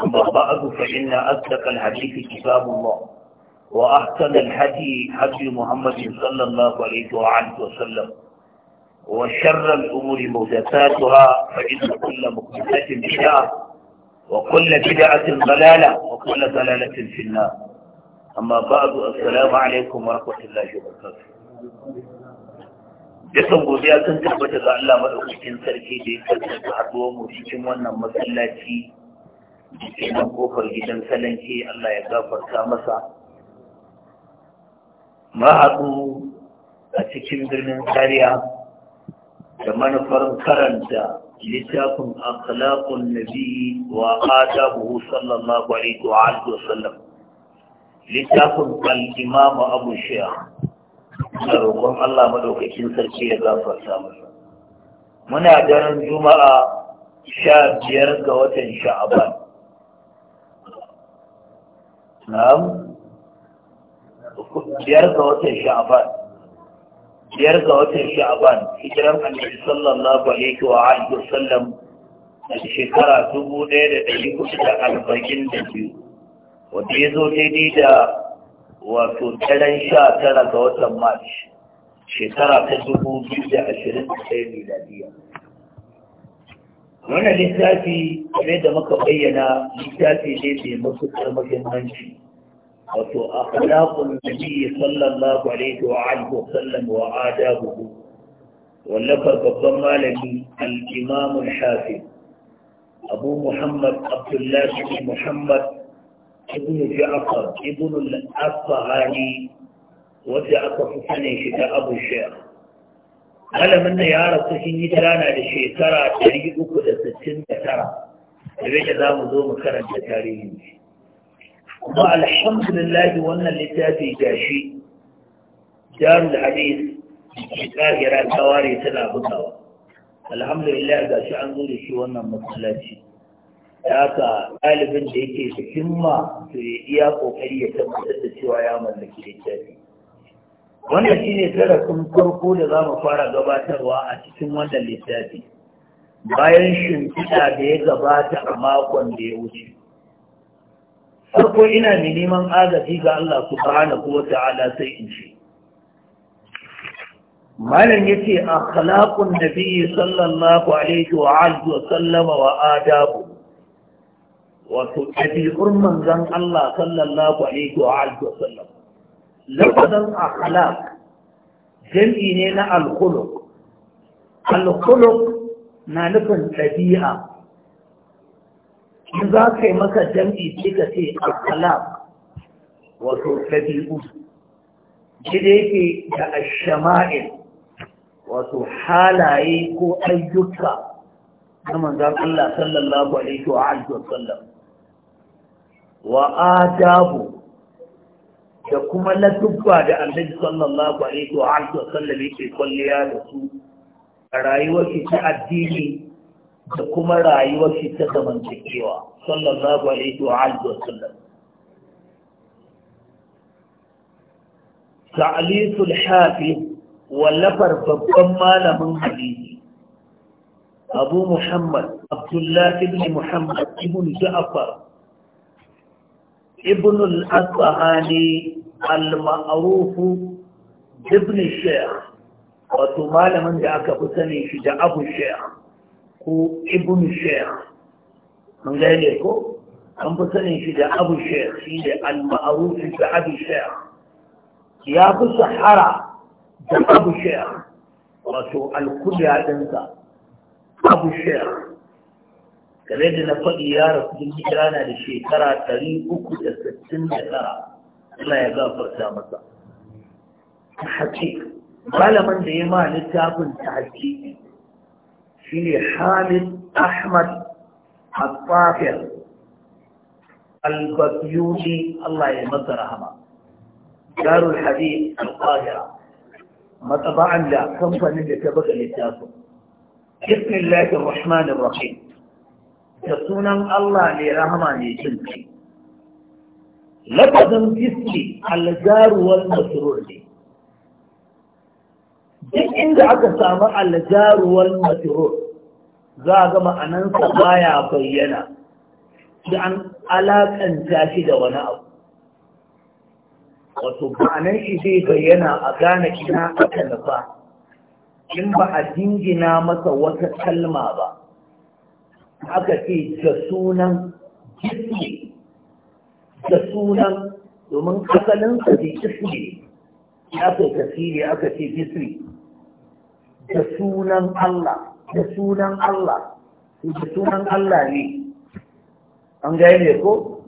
أما بعد فإن أصدق الحديث كتاب الله وأحسن الهدي هدي محمد صلى الله عليه وآله وسلم وشر الأمور محدثاتها فإن كل محدثة بدعة وكل بدعة ضلالة وكل ضلالة في النار أما بعد السلام عليكم ورحمة الله وبركاته dukan godiya sun tabbata ga Allah madaukakin sarki da ya tabbata haɗuwar mu cikin wannan masallaci kenan kofar gidan salanci Allah ya gafarta masa haɗu a cikin birnin kariya da manufar karanta littafin akhlaqun nabi wa adabuhu sallallahu alaihi wa alihi wa sallam littafin al-imam abu shaykh da roƙon Allah madaukakin sarki ya gafarta masa muna daren juma'a sha biyar ga watan sha'aban na'am biyar ga watan sha'ban biyar ga watan sha'ban hijiran annabi sallallahu alaihi wa alihi wasallam a shekara dubu ɗaya da ɗari kuɗi da arba'in da biyu wanda ya zo daidai da wato daren sha tara ga watan march shekara ta dubu biyu da ashirin da ɗaya miladiya wannan littafi kamar da muka bayyana littafi ne mai matuƙar mahimmanci wato akhlaqun nabi sallallahu alaihi wa alihi wa sallam wa adabuhu wallafar babban malami al-imam al-hafiz abu muhammad Abdullahi, bin muhammad ibn ja'far ibn al-asfahani wanda aka fi sanin shi da abu malamin da ya rasu sun yi tana da shekara 369 da bai za mu zo mu karanta tarihin shi kuma alhamdulillah wannan littafi gashi da hadis kahira ta ware tana bugawa alhamdulillah gashi an zo da shi wannan masallaci Ya haka ɗalibin da yake da himma su iya ƙoƙari ya tabbatar da cewa ya mallaki littafi wannan shine darasin farko da za mu fara gabatarwa a cikin wannan littafi bayan shimfiɗa da ya gabata a makon da ya wuce farko ina mai neman agaji ga Allah su subhanahu wa ta'ala sai in ce malam halakun da biyu, sallallahu alaihi wa alihi wa sallama wa adabu wato ɗabi'ur manzon Allah sallallahu alaihi wa alihi wa sallama lafazan akhlaq jam'i ne na alkhuluq alkhuluq na nufin ɗabi'a in za ka yi maka jam'i sai ka ce akhlaq wato ɗabi'u shi da yake da ashama'il wato halaye ko ayyuka na manzan Allah sallallahu alaihi wa alihi wa sallam wa adabu da kuma latubba da annabi sallallahu alaihi wa alihi sallam yake kwalliya da su a rayuwar shi ta addini da kuma rayuwar shi ta zamantakewa sallallahu alaihi wa alihi sallam ta'lisul hafiz wallafar babban malamin hadisi abu muhammad abdullahi ibn muhammad ibn ja'far ibn al-asbahani al-ma'ruf ibn wato malamin da aka fi sani shi da abu shaykh ko ibn shaykh An gane ko an fi sanin shi da abu shaykh shi da al-ma'ruf da abu shaykh ya fi sahara da abu shaykh wato al-kuda dinsa abu shaykh kamar yadda na faɗi ya rasu duk hijira na da shekara ɗari uku da sittin da tara Allah ya gafarta masa ta haƙi malaman da ya ma littafin ta haƙi shi ne hamid ahmad al-fafir al-babiyuni Allah ya masa rahama darul hadith al-qahira matsaba'an da kamfanin da ta buga littafin بسم الله الرحمن الرحيم da sunan Allah mai rahama mai jin kai lafazin biski aljaruwar ne duk inda aka samu aljaruwar masrur za a gama anansa baya bayyana da an alakanta shi da wani abu wato ma'anan shi zai bayyana a gane ina aka nufa in ba a jingina masa wata kalma ba aka ce da sunan jismi da sunan domin asalinsa da jismi ya tafi ne aka ce jismi da sunan Allah da sunan Allah da sunan Allah ne an ne ko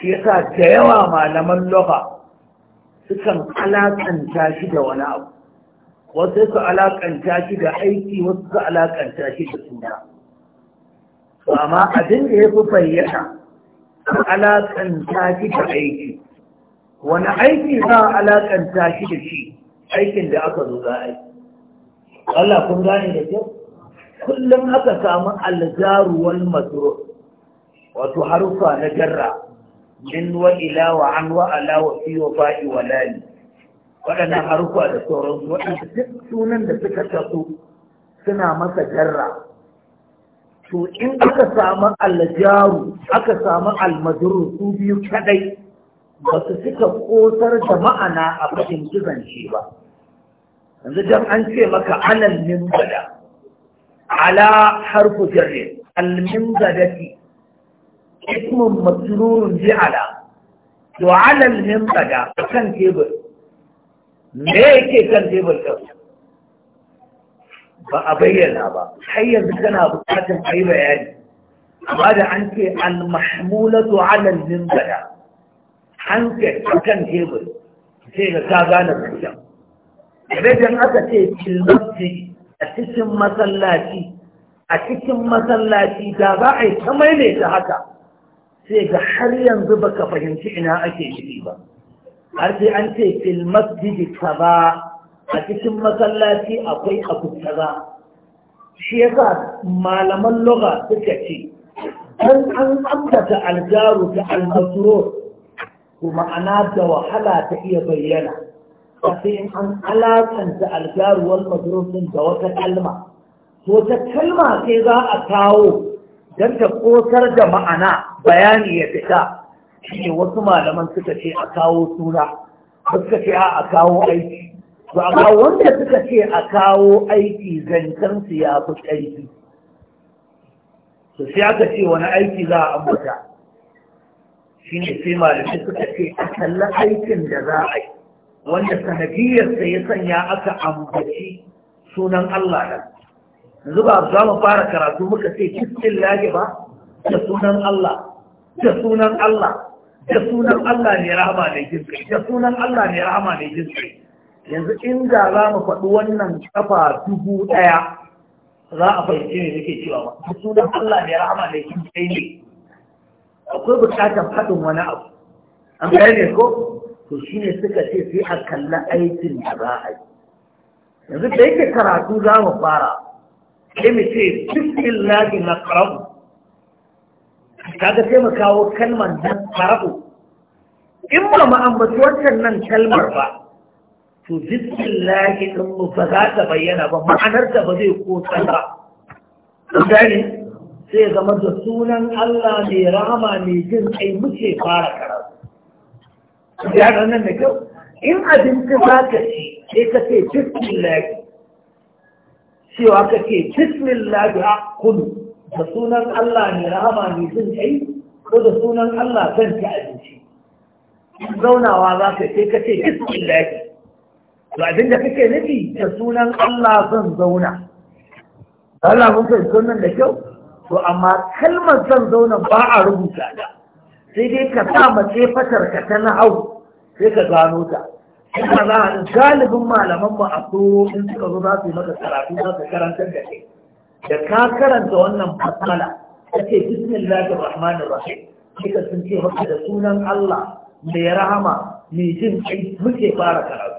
shi yasa da yawa malaman lofa sukan alaƙanta shi da wani abu wasu su alakanta shi da aiki wasu su alakanta shi da suna amma abin da ya fi bayyana alaƙanta shi da aiki wani aiki za a alaƙanta shi da shi aikin da aka zo za a yi Allah kun gane da kyau kullum aka samu aljaruwal masro wato harufa na jarra min wa ila wa an wa ala wa fi wa fa'i wa lali waɗannan harufa da sauransu waɗanda sunan da suka taso suna masa jarra to in aka samu aljaru aka samu almajuru su biyu kadai ba su suka kosar da ma'ana a fashin zance ba yanzu don an ce maka alalmin mimbada ala harfu jarri al mimbadati ismun masrurun bi ala to alal mimbada kan tebur me yake kan tebur kansa ba a bayyana ba har yanzu tana bukatar a yi bayani amma da an ce al-mahmulatu ala al an kan tebur sai ga ta gane zancen idan aka ce filmafi a cikin masallaci a cikin masallaci da za a yi ta maimaita haka sai ga har yanzu baka fahimci ina ake nufi ba har sai an ce filmafi ta ba a cikin masallaci akwai abu kaza shi yasa malaman lugha suka ce dan an ambata aljaru ta almasrur kuma ma'ana da wahala ta iya bayyana sai in an alakanta aljaru wal masrur din da wata kalma to ta kalma sai za a kawo dan ta kosar da ma'ana bayani ya fita shi wasu malaman suka ce a kawo sura suka ce a kawo aiki to amma wanda suka ce a kawo aiki zancensu ya fi ƙarfi to sai aka ce wani aiki za a ambata shi ne sai malamai suka ce a kalli aikin da za a yi wanda sa ya sanya aka ambaci sunan Allah nan yanzu ba za mu fara karatu muka ce kistin lage ba da sunan Allah da sunan Allah da sunan Allah ne rahama ne jinkai da sunan Allah ne rahama ne jinkai yanzu inda za mu faɗi wannan kafa dubu ɗaya za a fahimci ne nake cewa ba su da Allah mai rahama da kin kai ne akwai buƙatar faɗin wani abu an kai ne, ko to shine suka ce sai a kalla aikin da za a yi yanzu da yake karatu za mu fara sai mu ce bismillahi na karabu kaga sai mu kawo kalmar nan karabu in ba mu ambaci wancan nan kalmar ba تذكر الله ثم فذا تبين ومعنى تبدي يكون سنرا فذلك سيزم الزسولا الله لراما لجن أي مشي فارك يعني أنا نكو إن أدم كذاك شيء إيكا في جسم الله سواك في جسم الله قل زسولا الله لراما لجن أي وزسولا الله تنكأ الجن شيء دونا وعذاك إيكا في جسم الله to abinda da kake nufi da sunan Allah zan zauna Allah mun san sunan da kyau to amma kalmar zan zauna ba a rubuta ta sai dai ka sa mace fatar ka ta hau sai ka gano ta kuma za a galibin malaman mu a so in suka zo za su yi maka karatu za su karanta da kai da ka karanta wannan fasala kace bismillahir rahmanir rahim kika sun ce maka da sunan Allah mai rahama mai jin kai muke fara karatu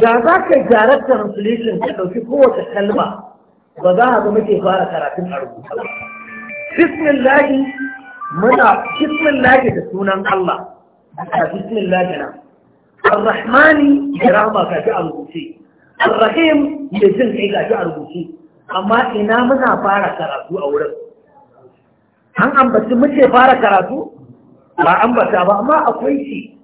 da za ka gyara translation ka ɗauki kowace kalma ba za a zama muke fara karatun a rubuta ba bismillahi muna bismillahi da sunan Allah ka bismillahi na arrahmani da rama ka fi a rubuce Al-Rahim da jin kai ka fi a rubuce amma ina muna fara karatu a wurin an ambaci muke fara karatu ba ambata ba amma akwai shi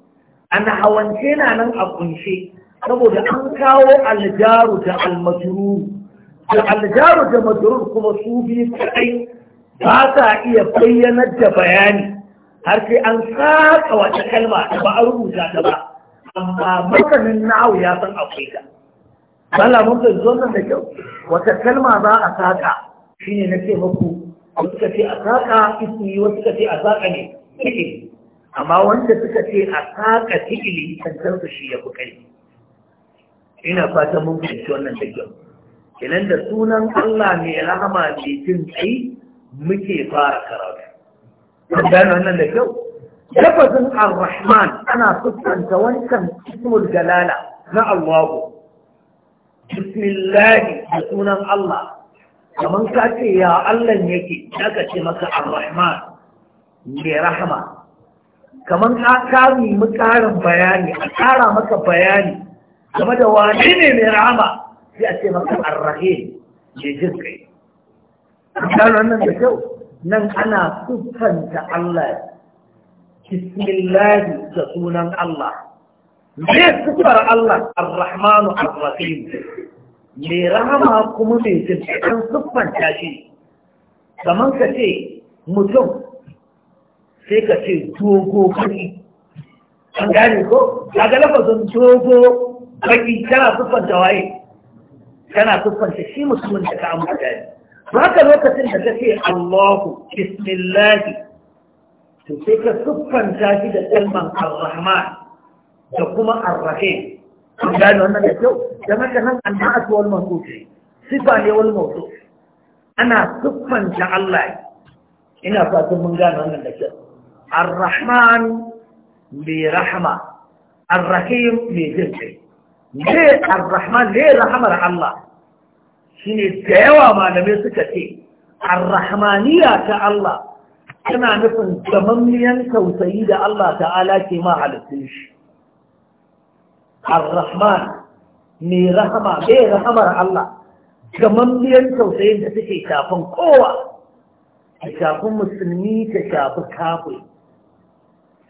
a nahawance na nan a kunshe saboda an kawo aljaru da almajuru da aljaru da majrur kuma su biyu kadai ba sa iya bayyanar da bayani har sai an saka wata kalma da ba a rubuta ta ba amma makanin na'u ya san akwai ta Allah mun kai nan da kyau wata kalma za a saka shine na ce muku wasu ka ce a saka ismi wasu ka ce a saka ne amma wanda suka ce a saka fi'ili tantar shi ya fi kai ina fatan mun fahimci wannan da kyau kenan da sunan Allah mai rahama mai jin kai muke fara karatu an gano wannan da kyau lafazin ar-rahman ana fuskanta wancan ismul galala na Allahu bismillah da sunan Allah kamar ka ce ya Allah yake aka ce maka ar-rahman mai rahama kaman ka kawo mu karin bayani a kara maka bayani game da wane ne mai rahama sai a ce maka arrahe mai jin kai gano wannan da kyau nan ana siffanta Allah bismillahi da sunan Allah me siffar Allah rahmanu arrahmanu arrahim mai rahama kuma mai jin kai an siffanta shi kamar ka ce mutum sai ka ce dogo kuri an gane ko kaga lafazin dogo baki tana siffanta waye tana siffanta shi musulmin da ka ambata ne haka lokacin da ka Allahu bismillah to sai ka siffanta shi da kalman ar-rahman da kuma ar-rahim kun gane wannan da kyau dan haka nan annas wal mawsuf sifa ne wal mawsuf ana siffanta Allah ina fatan mun ga wannan da kyau ar-rahman bi rahma ar-rahim bi jinkai ne ar-rahman ne rahamar Allah shine da yawa malamai suka ce ar-rahmaniya ta Allah tana nufin gamammiyan tausayi da Allah ta'ala ke ma halittun shi ar-rahman ne rahama ne rahamar Allah gamammiyan tausayin da suke shafin kowa ta shafi musulmi ta shafi kafin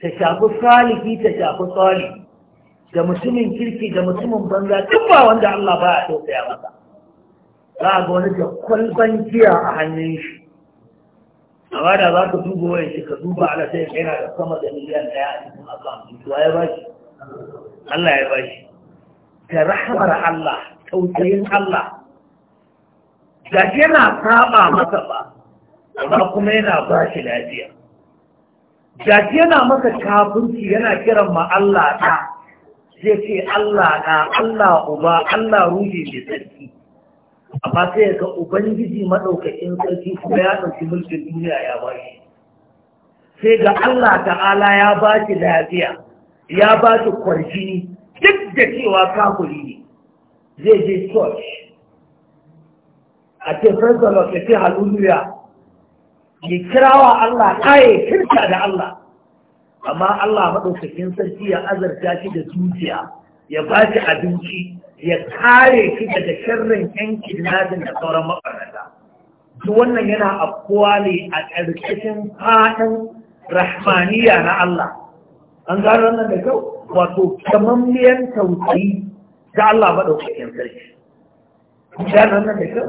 ta shafi saliki ta shafi saliki da mutumin kirki da mutumin banza duk ba wanda Allah ba a tausaya masa za a ga wani da kwalban giya a hannun shi amma da za ka duba wayan shi ka duba ala sai ka yana da sama da miliyan daya a cikin Allah mutuwa ya ba shi Allah ya ba shi da rahamar Allah tausayin Allah ga yana saba masa ba amma kuma yana ba shi lafiya ga yana masa kafinci yana kiran ma Allah ta zai ce Allah na Allah uba Allah ruhi mai sarki A amma sai ga ubangiji maɗaukakin sarki kuma ya ɗauki mulkin duniya ya ba sai ga Allah ta'ala ya ba shi lafiya ya ba shi kwarjini duk da cewa kafuri ne zai je church a ce first of ce hallelujah ya kira wa Allah ɗaya kirka da Allah amma Allah maɗaukakin sarki ya azarta shi da zuciya ya ba shi abinci ya kare shi daga sharrin yan kidnadin da sauran mabarata duk wannan yana afkuwa ne a ƙarƙashin faɗin rahmaniya na Allah an gano wannan da kyau wato kamammiyar tausayi ta Allah maɗaukakin sarki gano wannan da kyau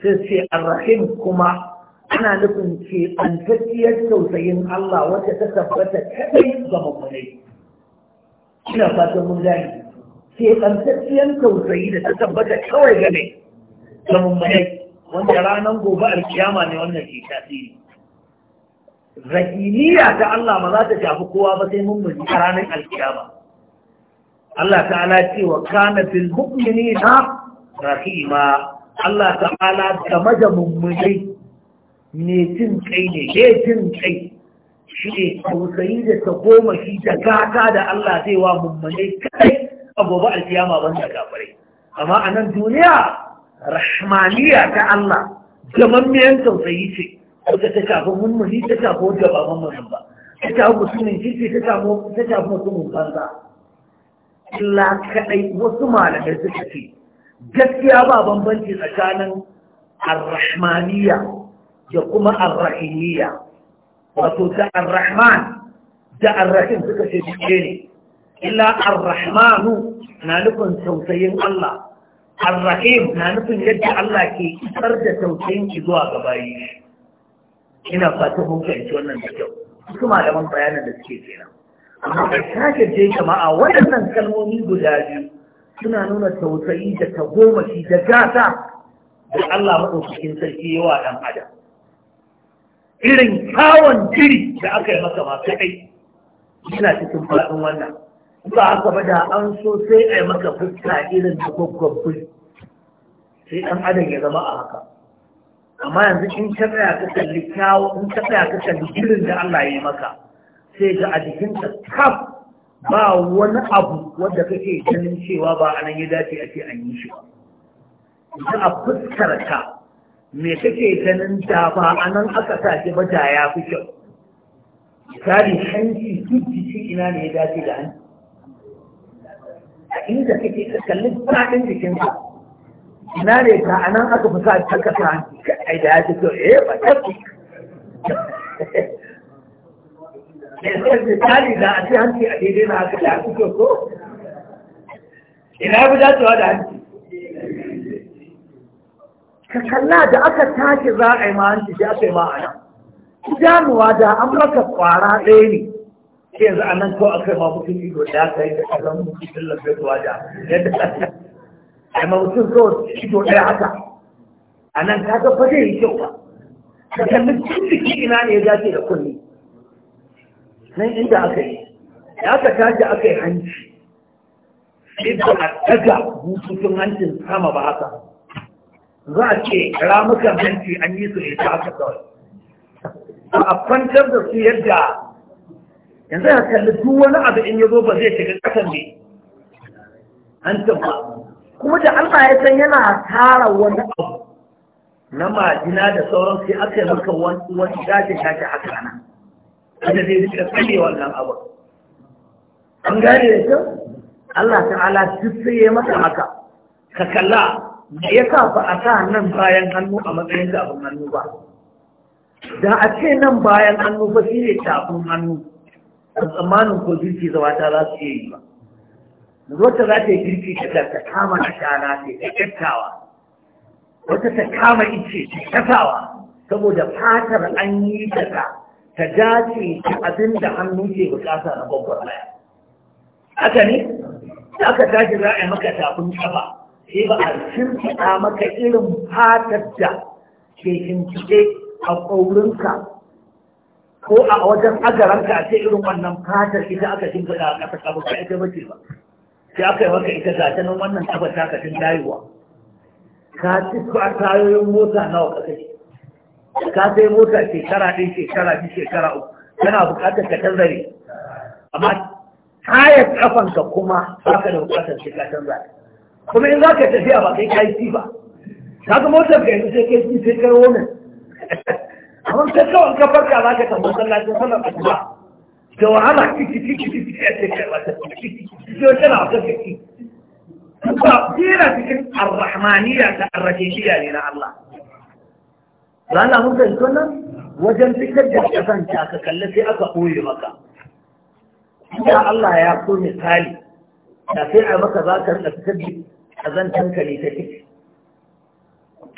sai sai arrahim kuma ana nufin ce antacciyar tausayin Allah wacce ta tabbata kadai ga mummunai ina fatan mun gani ce antacciyar tausayi da ta tabbata kawai ga mai ga mummunai wanda ranar gobe alkiyama ne wannan ke tasiri Zahiniya ta Allah ba za ta shafi kowa ba sai mun mummuni a ranar alkiyama Allah ta'ala ce wa kana fil mu'minina rahima Allah ta'ala game da mummunai ne jin kai ne ke jin kai shi ne tausayi da ta goma shi ta gata da Allah zai wa mummune kai a gobe alkiyama ban da kafirai amma a nan duniya rahmaniya ta Allah gamammiyan tausayi ce wata ta shafi mummuni ta shafi wata baban mummunin ba ta shafi mutumin kirki ta shafi mutumin banza Allah kaɗai wasu malamai suka ce gaskiya ba bambanci tsakanin arrahmaniya da kuma arrahimiyya wato da arrahman da arrahim suka ce duke ne illa arrahmanu na nufin tausayin Allah arrahim na nufin yadda Allah ke isar da tausayin ki zuwa gaba yi ina fata mun fahimci wannan da kyau su malaman bayanan da suke kenan amma ka sake je jama'a waɗannan kalmomi guda biyu suna nuna tausayi da tagomashi da gata da Allah maɗaukakin sarki yawa ɗan adam irin kawon jiri da aka yi masa ba kaɗai suna cikin faɗin wannan ba haka ba da an so sai a yi maka fuska irin da gwaggwabbi sai ɗan adam ya zama a haka amma yanzu in ka tsaya ka kalli kyawo in ka ka kalli jirin da Allah ya yi maka sai ga a jikinta kaf ba wani abu wanda kake ganin cewa ba a nan ya dace a ce an yi shi ba. Ita a fuskar ka me kake ganin da ba a nan aka sa shi ba da ya fi kyau misali hanci duk jiki ina ne ya dace da hanci a inda kake ka kalli faɗin jikinka ina ne ta a nan aka fi sa ta kasa hanci ai da ya fi kyau eh ba ta fi misali da a ce hanci a daidai na haka da ya fi kyau ko ina ya fi dacewa da hanci ka kalla da aka tashi za a yi ma shi sai aka yi ma idanuwa da an maka kwara ɗaya ne ke yanzu a nan ko a kai ma ido da aka yi da ƙazan mutum lafiyarwa da yadda a ma mutum ko ido ɗaya haka a nan ka ga fa zai yi kyau ba ka kalli cikin jiki ina ne ya dace da kunni nan inda aka yi ya aka tashi aka yi hanci idan a ɗaga bututun hancin sama ba haka za a ce ramukan hanci an yi su ne ta haka kawai a kwantar da su yadda yanzu ya kalli duk wani abu in ya zo ba zai shiga kasan ne an tabba. kuma da Allah ya san yana tara wani abu na majina da sauran sai aka yi maka wani gashi gashi haka nan wanda zai rika tsaye wannan abu an gane da kyau Allah ta'ala duk sai ya masa haka ka kalla da ya sa ba a sa nan bayan hannu a matsayin da abin hannu ba da a ce nan bayan hannu ba shi ne tafin hannu a tsammanin ko girki ta za su yi ba wata za ta yi girki ta ta kama a shana ta ta wata ta kama ice ta kasawa saboda fatar an yi ta ta dace ta abin da hannu ke bukata na babbar baya haka ne aka tashi za a yi maka tafin kafa sai ba a shimfiɗa maka irin fatar da ke shimfiɗe a ƙaurinka ko a wajen agaranka a ce irin wannan fatar ita aka shimfiɗa a ƙasa ƙasa ba ita bace ba sai aka yi maka ita ga ta nan wannan ta ta ka cin dayewa ka ci ba tayoyin mota nawa ƙasa kai? ka sai mota shekara ɗin shekara biyu shekara uku tana buƙatar ka canzare amma tayar ƙafanka kuma ba ka da buƙatar shekara ka canza kuma in za ka tafiya ba kai kayi fi ba ka motar ka yanzu sai kai fi sai kar women amma ta kawai ka farka za ka tambar sallacin sallar asuba da wahala ciki ciki ciki a ce kai wata ciki ciki na wata ciki ba jera cikin arrahmaniya da arrahimiya ne na Allah rana mun kai sunan wajen fitar da kasance aka kalle sai aka koye maka Ya Allah ya so misali da sai a maka za ka rika da ka ne ta fi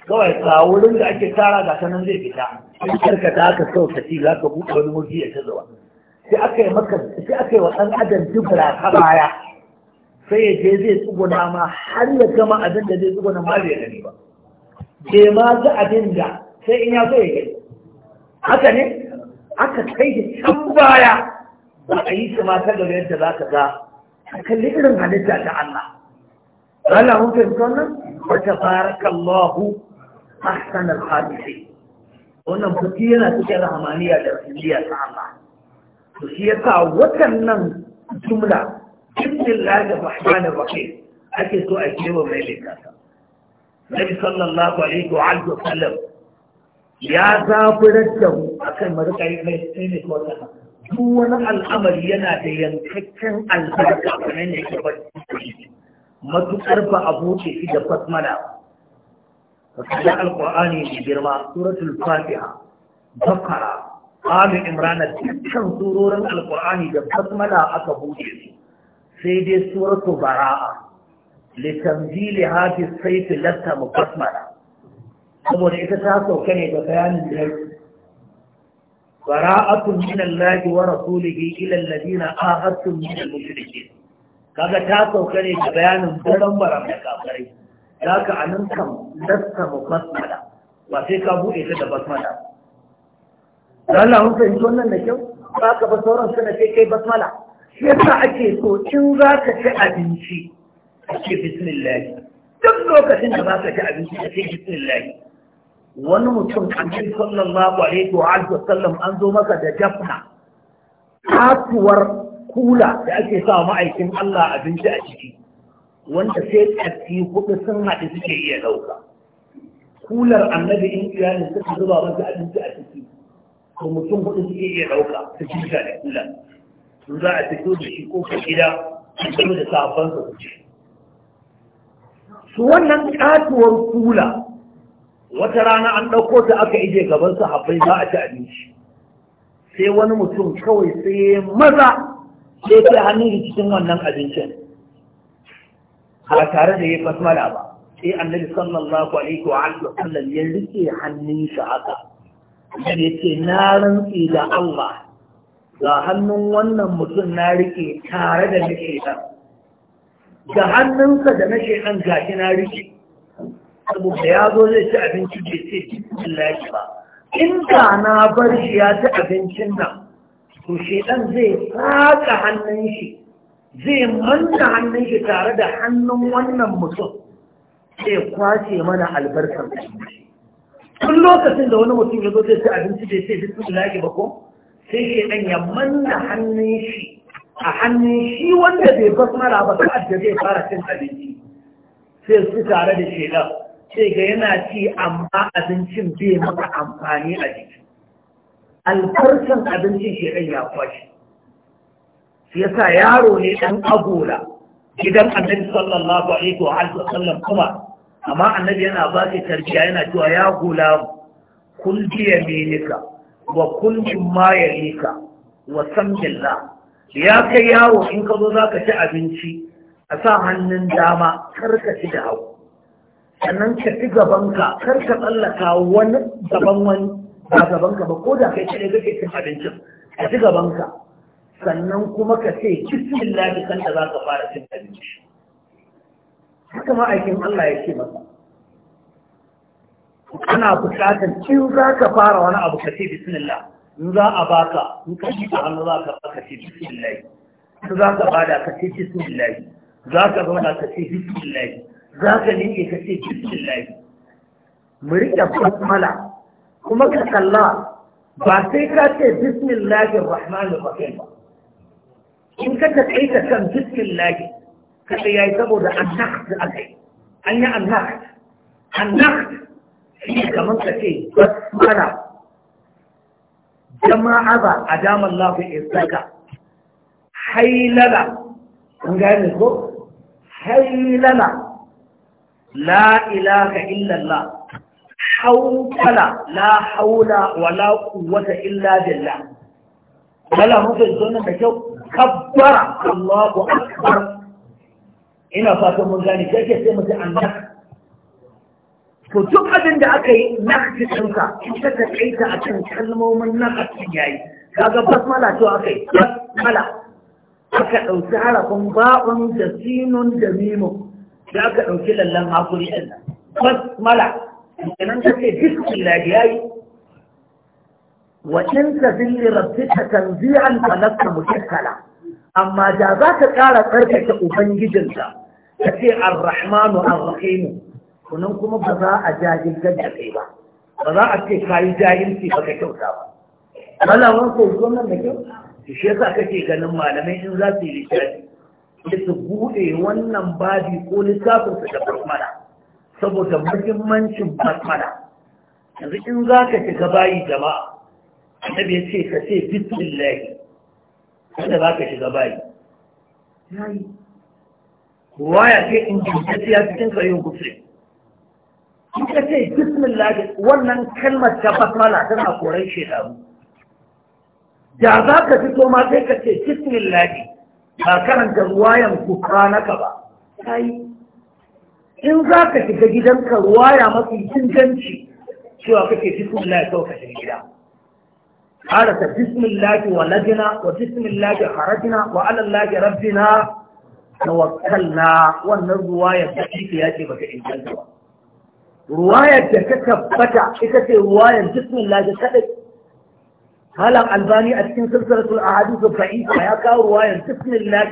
kawai tsawurin da ake tara ga sanan zai fita in karka ta aka saukaci za ka buɗe wani murfi ya ta zuwa sai aka yi wa ɗan adam dubra ta baya sai ya je zai tsuguna ma har ya gama abin da zai tsuguna ma zai gani ba ke ma ga abin da sai in ya so ya gani haka ne aka kai da can baya ba a yi shi ma ta gaba yadda za ka za ka kalli irin halitta ta Allah Allah mun fahimta wannan wa a sanar hadisi. wannan fuki yana cikin rahamaniya da rahimiyya ta Allah to shi yasa waɗannan jumla bismillah da rahman wake ake so a kewa mai littafa nabi sallallahu alaihi wa alihi wa sallam ya zafi da a akan marikai mai tsini ko ta duk wani al'amari yana da yankakken albarka kamar da ke bari matuƙar ba a buɗe shi da basmala ba ka alƙur'ani mai girma suratul fatiha bakara ali imran dukkan surorin alƙur'ani da basmala aka buɗe su sai dai suratu bara'a litanzili hafi sai latta mu basmala saboda ita ta sauka ne da bayanin da bara'atun min Allah wa rasulihi ila alladhina ahadtum min al-mushrikeen kaga ta sauka ne da bayanin daren baram da kafirai zaka anan kan lasta mufassala Wa sai ka bude ta da basmala Allah mun fahimci wannan da kyau ba ka ba sauran suna sai kai basmala shi yasa ake so in za ka ci abinci a ce bismillah duk lokacin da za ka ci abinci a ce bismillah wani mutum a annabi sallallahu alaihi wa alihi wasallam an zo maka da jafna katuwar kula da ake sa ma'aikin Allah abinci a ciki wanda sai tsaki kuɗi sun haɗu suke iya ɗauka kular annabi in ne suka zuba masa abinci a ciki to mutum kuɗi suke iya ɗauka su ci da kular sun za a fito da shi ko kofar gida su zama da sabansa su ci su wannan katuwar kula wata rana an ɗauko ta aka ije gaban sahabbai za a ci abinci sai wani mutum kawai sai maza sai kai hannun cikin wannan abincin ba tare da ya basmala ba sai annabi sallallahu alaihi wa alihi wasallam ya rike hannun shi haka ya ce na rantsi da Allah ga hannun wannan mutum na rike tare da na shaitan ga hannunsa da na shaitan gashi na rike saboda ya zo zai ci abinci bai ce cikin lashi ba in da na bar shi ya ci abincin nan to shedan zai saka hannun shi zai manta hannun shi tare da hannun wannan mutum zai kwace mana albarkar abinci tun lokacin da wani mutum ya zo zai ci abinci bai ce cikin lashi ba ko sai shedan ya manna hannun shi a hannun shi wanda bai basmara ba sa'ad da zai fara cin abinci sai su tare da shedan sai ga yana ci amma abincin bai maka amfani a jiki albarkan abincin shekai ya kwashi shi sa yaro ne ɗan agola gidan annabi sallallahu alaihi wa sallam kuma amma annabi yana ba shi tarbiya yana cewa ya gula kul bi yaminika wa kul mimma yalika wa san billah ya kai yaro in ka zo zaka ci abinci a sa hannun dama kar ka ci da hagu sannan ka fi gabanka kar ka tsallaka wani gaban wani ba gabanka ba ko da kai ne kake cin abincin ka fi gabanka sannan kuma ka ce bismillah kan da za ka fara cin abinci haka ma'aikin Allah ya ce masa kana buƙatar in za ka fara wani abu ka ce bismillah in za a baka in ka ka hannu za ka baka ce bismillah in za ka bada ka ce bismillah za ka zauna ka ce bismillah za ka ne ka ce cikin lafi mu riƙe basmala kuma ka kalla ba sai ka ce bismillahi rahmanir bakai ba in ka ka kan lafi ka ta yayi saboda annaq da aka yi an yi an annaq shi ne kamar ka ce basmala jama'a ba a damar lafi isaka hailala an gane ko hailala la ilaha illallah haukala la haula wala quwwata illa billah wala mutum zona da kyau kabbara Allahu akbar ina fatan mun gane sai sai mutum annak to duk abin da aka yi nakti ɗinka in ka taƙaita a kan kalmomin nakti yayi kaga basmala to aka yi basmala aka ɗauki harafin ba'un da sinun da mimun da aka ɗauki lallan hakuri ɗin nan basmala kenan ta ce bismillah ya yi wa in ka zilli rabbika tanzihan fa laka mushakkala amma da za ka ƙara tsarkake ubangijinka ka ce arrahmanu arrahimu kunan kuma ba za a jajirgar da kai ba ba za a ce kayi jahilci ba ka kyauta ba malaman ko nan da kyau shi yasa kake ganin malamai in za su yi littafi ya su buɗe wannan babi ko littafin su da basmala saboda muhimmancin basmala yanzu in za ka shiga bayi jama'a annabi ya ce ka ce bismillahi wanda za ka shiga bayi yayi ya ce in jinkasiya cikin sayin gusuri in ka ce bismillahi, wannan kalmar ta basmala tana koran shekaru da za ka fito ma sai ka ce bismillahi. ba karanta ruwayan ka ba kai in za ka shiga gidanka ruwaya mafi inganci cewa kake bismillah kawai ka shiga gida قالت wa الله ولدنا وبسم الله خرجنا وعلى الله na wakalla wannan ruwayar da kike ce baka inganta ba ruwayar da ka tabbata ita ce ruwayar bismillah kadai Halan albani a cikin silsilatul ahadith da'ifa ya kawo ruwayar bismillah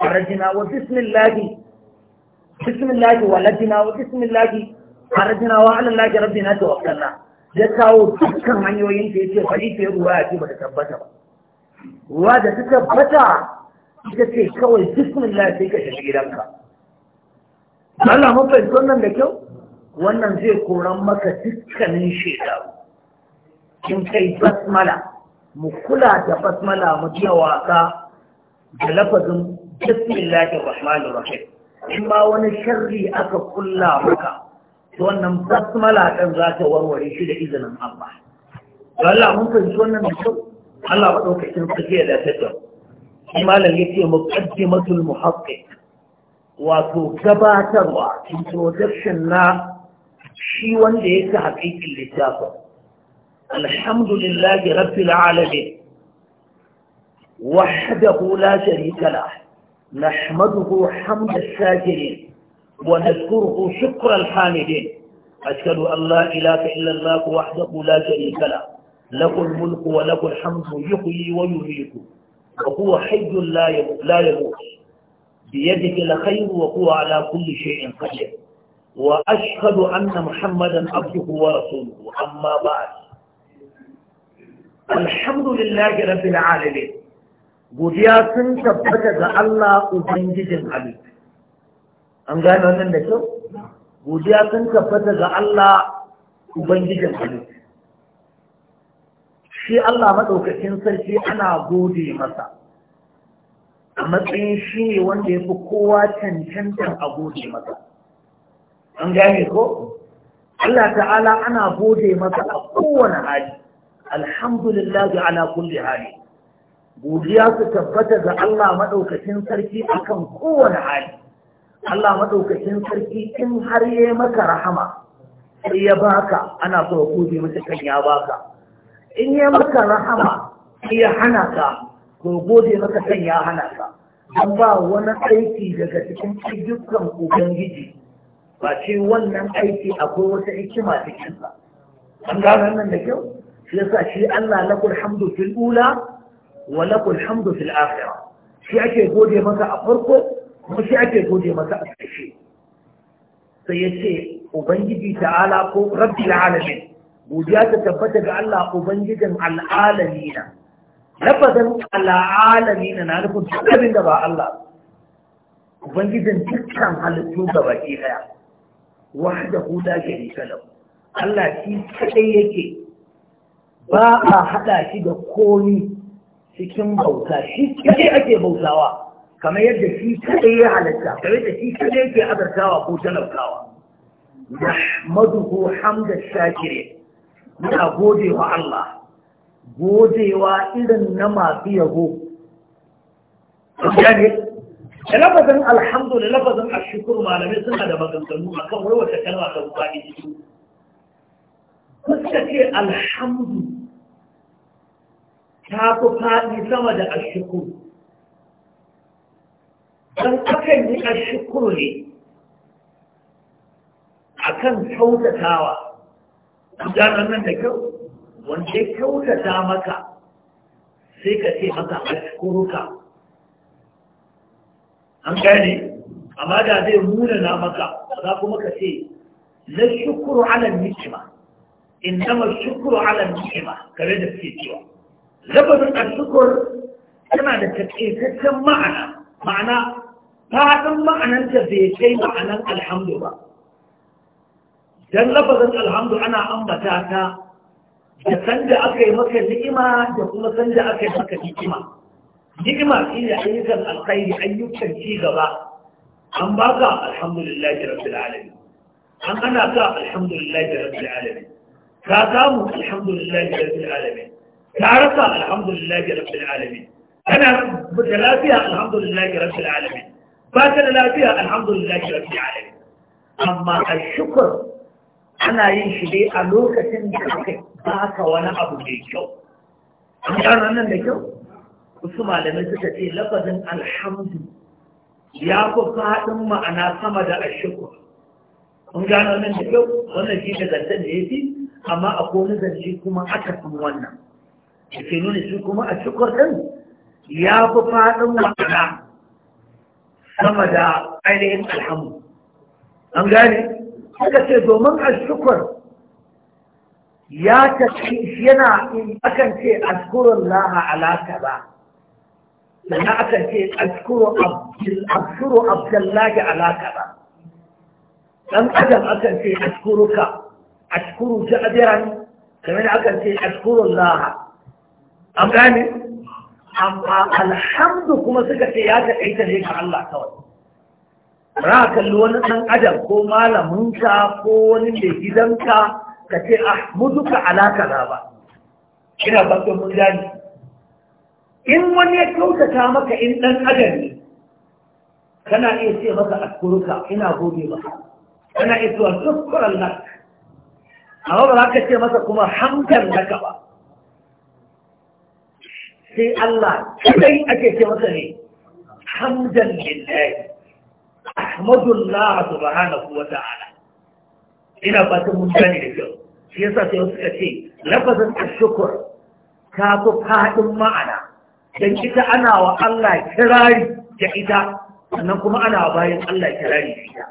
farajina wa bismillah bismillah walajina wa bismillah farajina wa ala allah rabbina tawakkalna ya kawo dukkan hanyoyin da yace khalifa ya ruwaya ce bata tabbata ba ruwa da ta tabbata ita ce kawai bismillah sai ka shiga gidanka Allah mun fahimci wannan da kyau wannan zai koran maka dukkanin shekaru Kin kai basmala mu kula da basmala mu wasa da lafazin bismillahir rahmanir rahim in ma wani sharri aka kulla maka to wannan basmala ɗin za ta warware shi da izinin Allah Allah mun san wannan da kyau Allah ba sarki ya dace da shi malam yace muqaddimatul muhaqqiq wato gabatarwa introduction na shi wanda yake haƙiƙin littafin الحمد لله رب العالمين وحده لا شريك له نحمده حمد الشاكرين ونشكره شكر الحامدين أشهد أن لا إله إلا الله وحده لا شريك له له الملك وله الحمد يحيي ويميت وهو حي لا لا يموت بيدك الخير وهو على كل شيء قدير وأشهد أن محمدا عبده ورسوله أما بعد alhamdulillahi rabbil alamin godiya sun tabbata ga Allah ubangijin abin an gane wannan da kyau godiya sun tabbata ga Allah ubangijin abin shi Allah maɗaukakin sarki ana gode masa a matsayin shi ne wanda ya fi kowa cancantan a gode masa an gane ko Allah ta'ala ana gode masa a kowane hali alhamdulillah ala kulli hali godiya su tabbata ga Allah maɗaukacin sarki akan kowane hali Allah maɗaukacin sarki in har ya maka rahama sai ya baka ana so gode masa kan ya baka in ya maka rahama sai ya hana ka ko gode maka kan ya hana ka don ba wani aiki daga cikin ayyukan ubangiji ba ce wannan aiki akwai wata hikima cikinsa an gano nan da kyau shi yasa shi Allah lakul hamdu fil ula wa lakul hamdu fil akhirah shi ake gode masa a farko kuma shi ake gode masa a ƙarshe sai yace ubangiji ta'ala ko rabbil alamin godiya ta tabbata ga Allah ubangijin al'alamina lafazin al'alamina na nufin duk da ba Allah ubangijin dukkan halittu gaba ke daya wahdahu la sharika lahu Allah shi kadai yake ba a haɗa shi da komi cikin bauta shi kaɗai ake bautawa kamar yadda shi kaɗai ya halitta. kamar yadda shi kaɗai yake azartawa ko talaukawa ko hamda shakire gode godewa Allah godewa irin na masu yabo da lafazin alhamdu da lafazin ashukur malamai suna da maganganu akan wai wata kalma ta ruwa ne su suka ce alhamdu ta fi faɗi sama da ashikun don akan yi ashikun ne a kan kyautatawa gudanar nan da kyau wanda kyautata maka sai ka ce maka ruka an gane amma da zai muna na maka za kuma ka ce na shukuru ala in nama shukuru ala nikima kare da suke cewa lafazin ashukur yana da taƙaitaccen ma'ana ma'ana faɗin ma'ananta bai kai ma'anan alhamdu ba don lafazin alhamdu ana ambata ta da sanda aka yi maka ni'ima da kuma sanda aka yi maka ni'ima ni'ima shi ne ayyukan alkhairi ayyukan ci gaba an baka alhamdulillahi rabbil alamin an ana ka alhamdulillahi rabbil alamin ka samu alhamdulillahi rabbil alamin ta rasa alhamdulillah ga rabbil alamin ana da lafiya alhamdulillah ga rabbil alamin ba ta da lafiya alhamdulillah ga rabbil alamin amma ashkur ana yin shi dai a lokacin da aka baka wani abu mai kyau an gano nan da kyau wasu malamai suka ce lafazin alhamdu ya fi faɗin ma'ana sama da ashiku an gano nan da kyau wannan shi da ya fi amma a kone kuma aka san wannan da ke nuna shi kuma a shukur ɗin ya fi faɗin ma'ana sama da ainihin alhamu an gane suka ce domin a shukur ya tafi yana akan ce askurun laha alaka ba sannan akan ce askuru abdullahi alaka ba ɗan adam akan ce askuruka askuru jabiran kamar akan ce askurun laha an gane amma alhamdu kuma suka ce ya taƙaita ne ga Allah kawai ra kalli wani ɗan adam ko malaminka ko wani mai gidanka ka ce ah ka alaka na ba ina bakin mun gani in wani ya kyautata maka in ɗan adam ne kana iya ce maka askuruka ina gobe ba kana iya duk tuskuran nan amma ba za ka ce masa kuma hamdan naka ba sai Allah kadai ake ce masa ne hamdan lillahi ahmadullah subhanahu wa ta'ala ina fatan mun gane da kyau shi yasa sai wasu ka ce lafazin ashukur ta fi fadin ma'ana dan ita ana wa Allah kirari da ita sannan kuma ana wa bayan Allah kirari da ita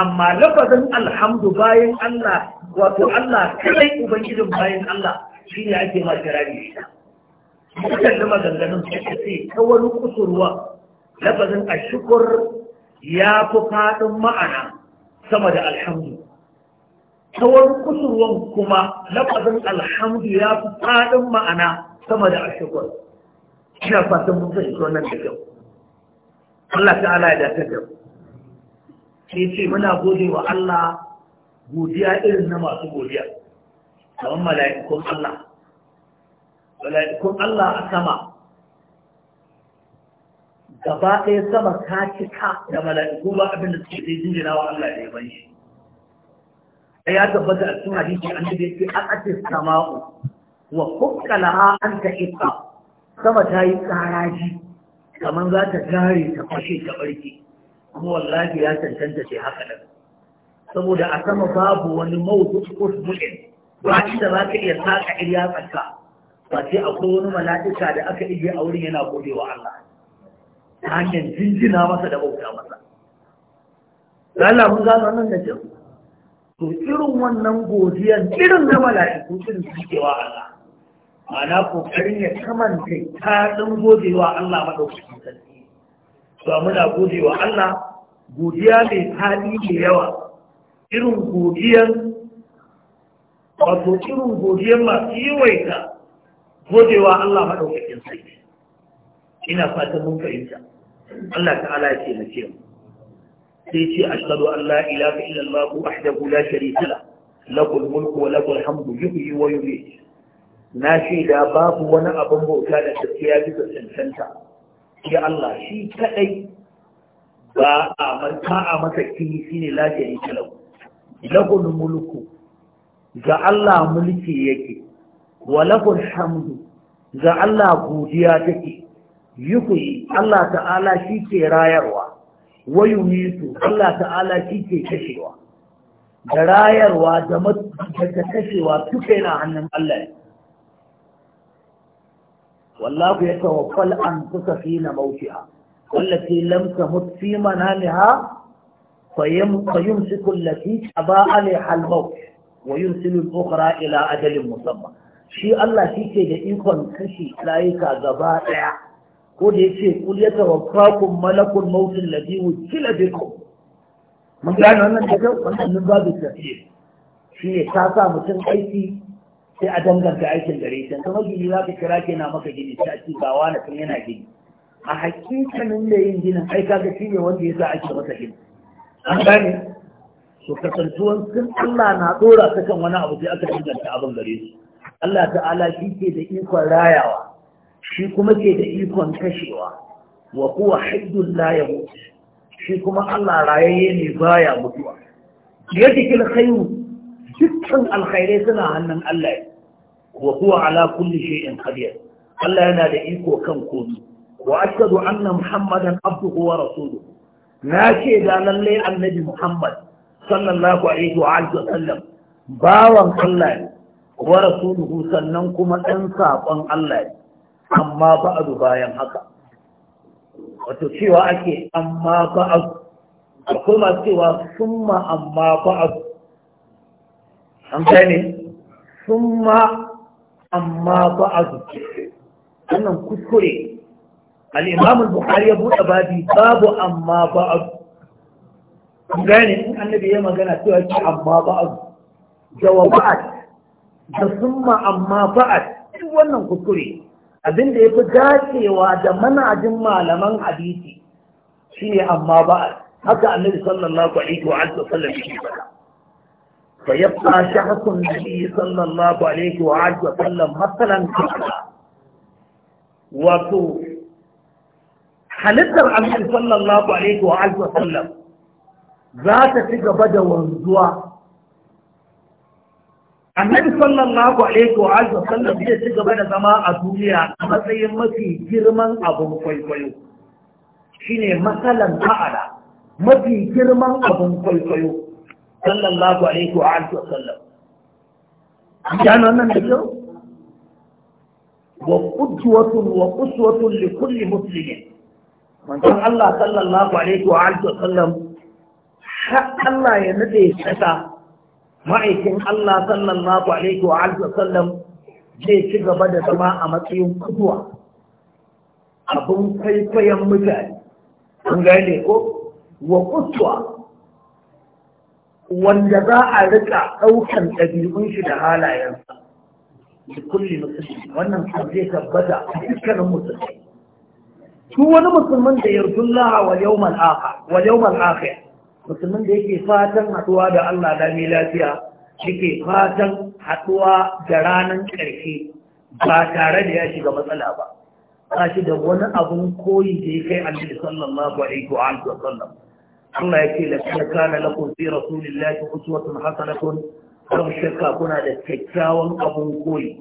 amma lafazin alhamdu bayan Allah wato Allah kadai ubangijin bayan Allah shi ne ake ma kirari da ita dukkan maganganun suka ce ta wani kusurwa lafazin a shukur ya fi faɗin ma'ana sama da alhamdu ta wani kusurwan kuma lafazin alhamdu ya fi faɗin ma'ana sama da ashukur ina fatan mun fahimci wannan da kyau Allah ta'ala ya dace da sai ce muna gode wa Allah godiya irin na masu godiya kamar mala'ikun Allah mala'ikun Allah a sama gaba ɗaya sama ta cika da mala'iku ba abin da suke zai jinjina wa Allah da ya ban shi ya tabbata a cikin hadisi an dabe ke an ake sama'u wa ha an ta ifa sama ta yi ji. kamar za ta gare ta fashe ta ɓarki. kuma wallahi ya cancanta ce haka nan saboda a sama babu wani mawdu usbu'in ba inda za ka iya saka irya tsaka ba sai akwai wani mala'ika da aka iya a wurin yana gode wa Allah ta hanyar jinjina masa da bauta masa Allah mun gano nan da kyau to irin wannan godiyan irin na mala'iku irin suke wa Allah ma'ana kokarin ya kamanta ta ɗin gode wa Allah maɗaukakin sarki to muna gode wa Allah godiya mai faɗi da yawa irin godiyan wato irin godiyan masu yawaita godewa Allah maɗaukakin sarki ina fatan mun fahimta Allah ta'ala ya taimake mu sai ce ashhadu an la ilaha illa Allah wahdahu la sharika la lakul mulku wa lakul hamdu yuhyi wa yumiit na da babu wani abin bauta da tafiya bisa cancanta ya Allah shi kadai ba a manta a masa kini ne la sharika lahu lakul mulku ga Allah mulki yake walakul hamdu ga Allah godiya take yukui Allah ta'ala shi ke rayarwa wayu mitu Allah ta'ala shi ke kashewa da rayarwa da da kashewa duka yana hannun Allah ne wallahu ya an kusa fi na mautiha wallati lam tamut fi manamiha fayumsiku allati taba alaiha al-maut wa yursilu al-ukhra ila ajalin musamma shi Allah shi ke da ikon kashi layuka gaba ɗaya ko da yace kul ya tawaffakum malakul maut alladhi wukila bikum mun gane wannan da kyau wannan nan babu tafiye shi ne ta sa mutum aiki sai a danganta aikin gare shi kuma gini za ka kira ke na maka gini ta ci ba wani tun yana gini a hakikanin da yin ginin ai kaga shi ne wanda ya sa ake masa gini an gane to kasantuwan sun Allah na dora ta kan wani abu sai aka danganta abin gare su Allah ta'ala shi ke da ikon rayawa shi kuma ke da ikon kashewa wa kuwa haddun la ya mutu shi kuma Allah rayayye ne baya mutuwa yadda kil khairu dukkan alkhairai suna hannun Allah wa kuwa ala kulli shay'in qadir Allah yana da iko kan kotu wa ashhadu anna muhammadan abduhu wa rasuluhu na ce da lalle annabi muhammad sallallahu alaihi wa alihi wa sallam bawan Allah ne wa rasuluhu sannan kuma ɗan saƙon Allah ne amma ba'adu bayan haka wato cewa ake amma ba'adu akwai masu cewa summa amma ba'adu an gane summa amma ba'adu wannan kuskure al'imam bukhari ya buɗe babi babu amma ba'adu an gane in annabi ya magana cewa ce amma ba'adu jawabat da sun amma fa'at duk wannan kuskure abin da ya fi dacewa da manajin malaman hadisi ne amma ba'at haka annabi sallallahu alaihi wa sallam yake faɗa فيبقى شخص النبي aiki wa عليه wa وسلم matsalan kuka wato halittar annabi sallallahu alaihi wa aiki wa sallam za ta ci gaba da wanzuwa annabi sallallahu alaihi wa alihi sallam zai ci gaba da zama a duniya a matsayin mafi girman abun kwaikwayo shine masalan ta'ala mafi girman abun kwaikwayo sallallahu alaihi wa alihi sallam gano nan da kyau wa qudwatun wa quswatun li kulli muslimin manzon Allah sallallahu alaihi wa alihi wasallam Allah ya nade shi ma'aikin Allah sallallahu alaihi wa sallam zai ci gaba da zama a matsayin kuduwa abin kwaikwayon mutane sun gane ko wa kutuwa wanda za a rika ɗaukan ɗabi'un shi da halayensa da kulli musulmi wannan kan zai tabbata a dukkanin musulmi duk wani musulmin da yardullaha wal yawmal akhir wal yawmal akhir musulmin da yake fatan haɗuwa da Allah da mai lafiya yake fatan haɗuwa da ranar ƙarshe ba tare da ya shiga matsala ba ba shi da wani abun koyi da ya kai annabi sallallahu alaihi wa alihi wa Allah yake da kana lakum fi rasulillahi uswatun hasanatun kan shakka kuna da kyakkyawan abun koyi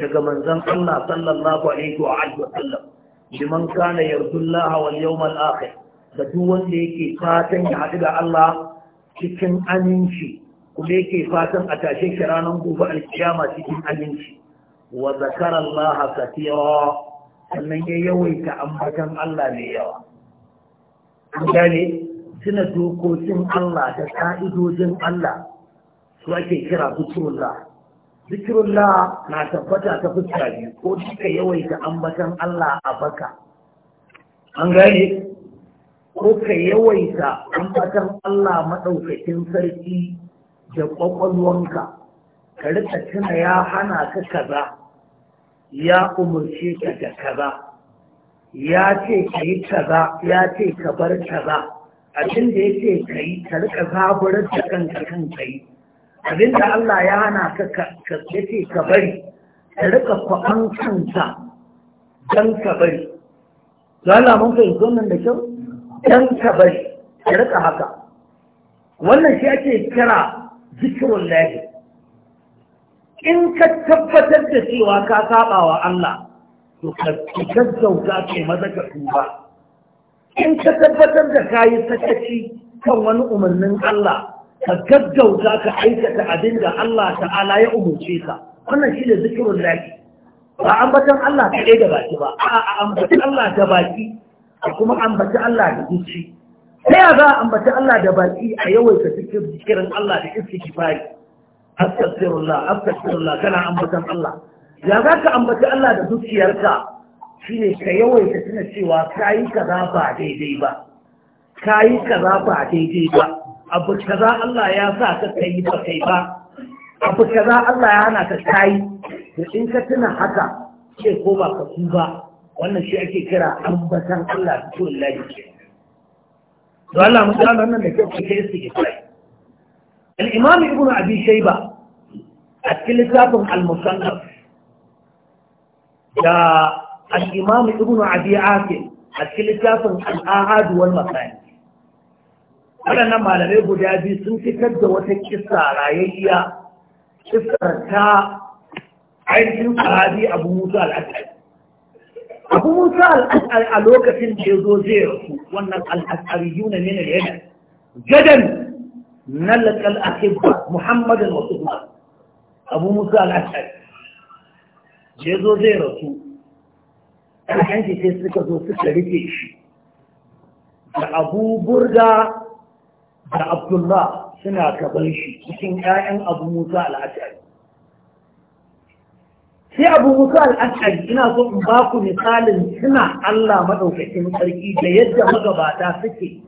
daga manzon Allah sallallahu alaihi wa alihi wa sallam liman kana yarjullaha wal yawmal akhir da duk wanda yake fatan ya haɗu da Allah cikin aminci kuma yake fatan a tashe shi ranar gobe alkiyama cikin aminci wa zakara Allah katira sannan ya yawaita ambatan Allah mai yawa an gane tuna dokokin Allah da ka'idojin Allah su ake kira fitrullah zikirullah na tabbata ta fuska biyu ko duka yawaita ambatan Allah a baka an gane ko ka yawaita ambatan Allah maɗaukakin sarki da ƙwaƙwalwanka ka rika tuna ya hana ka kaza ya umarce ka da kaza ya ce ka yi kaza ya ce ka bar kaza abin da ya ce ka yi ka rika zaburar da kanka kan ka yi abin da Allah ya hana ka ya ce ka bari ka rika kwaɓan kanka don ka bari. Zala mun fahimci wannan da kyau? ɗan ka shi rika haka wannan shi ake kira zikirun lahi in ka tabbatar da cewa ka saba wa Allah to ka gaggauta ke maza ka tuba in ka tabbatar da kayi sakaci kan wani umarnin Allah ka gaggauta ka aikata abin da Allah ta'ala ya umarce ka wannan shi ne zikirun lahi ba ambatan Allah kaɗai da baki ba a'a ambatan Allah da baki a kuma ambaci Allah da zuci ta a za a ambaci Allah da baki a yawaita cikin jikirin Allah da istighfari astagfirullah astagfirullah kana ambatan Allah ya za ka ambaci Allah da zuciyarka ne ka yawaita tuna cewa kayi kaza ba daidai ba kayi kaza ba daidai ba abu kaza Allah ya sa ka kai ba kai ba abu kaza Allah ya hana ka kai da in ka tuna haka sai ko ba ka ba. wannan shi ake kira ambatan Allah tuwon lafi ke to Allah musamman wannan da kyau kai su ke kai al Ibn ibnu abi shayba a cikin littafin al-musannaf da al Ibn ibnu abi asim a cikin littafin al-ahad wal masani waɗannan malamai guda biyu sun fitar da wata kisa rayayya kisar ta ainihin sahabi abu musa al'adari abu musa a lokacin da ya zo zai rasu wannan al'asariyu na minar yana gadan na lakal ahibba muhammadin wasu abu musa al'asari ya zo zai rasu ɗan shi sai suka zo suka rike shi da abu da abdullah suna gaban shi cikin 'ya'yan abu musa al'asari sai abu musu al'ashari ina so in ba ku misalin suna Allah maɗaukakin sarki da yadda magabata suke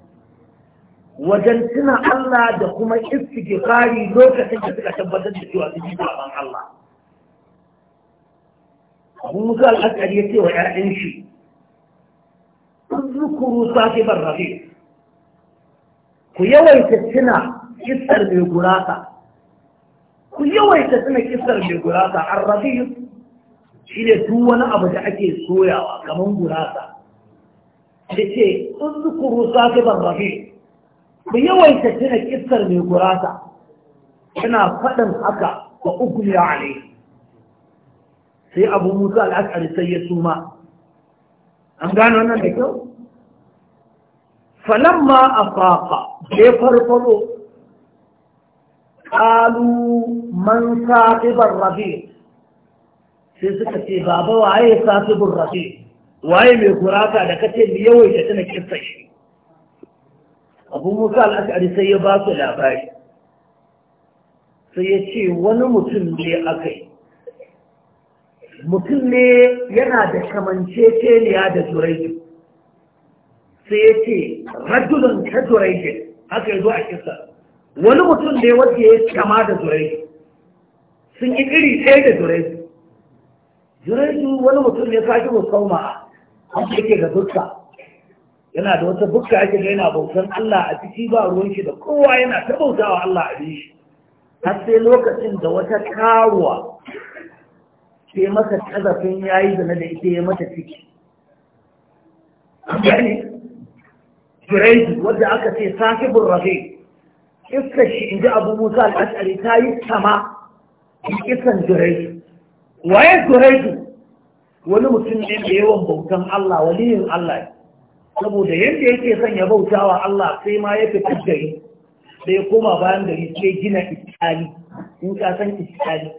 wajen suna Allah da kuma istighfari lokacin da suka tabbatar da cewa su ji gaban Allah abu musa al'ashari ya ce wa ‘ya'yan shi zukuru sahibar rafi ku yawaita suna kisar mai gurasa ku yawaita suna kisar mai gurasa an rafi shi ne wani abu da ake soyawa kamar gurasa da ce in zukuru sake barbafe ku yawaita tuna kistar mai gurasa yana faɗin haka wa uku ya sai abu musa al'asari sai ya suma an gano nan da kyau falamma a fafa ya farfaro ƙalu man sa ibar rabe sai suka ce baba waye sahibul rafi waye mai kurata da kace mu yawaita tana kirsa shi abu musa al-ashari sai ya ba su labari sai ya ce wani mutum ne akai mutum ne yana da kamance kamanceceniya da turai sai ya ce radulan ta turaikin haka ya zo a kisa wani mutum ne wanda ya kama da turai sun yi iri ɗaya da turai jiraitu wani mutum ne sake musamma a yake ga bukka yana da wata bukka ake ga yana bautan Allah a ciki ba ruwan shi da kowa yana ta bautawa Allah a shi har sai lokacin da wata karuwa sai masa kazafin yayi na da ita ya mata ciki yani jiraitu wanda aka ce sahibul rafi iskar shi inji abu musa al'ashari ta yi sama isan jiraitu waye kuraidu wani mutum ne da yawan bautan Allah waliyin Allah saboda yadda yake son ya bautawa Allah sai ma ya fita gari sai ya koma bayan gari sai gina iskali in ka san iskali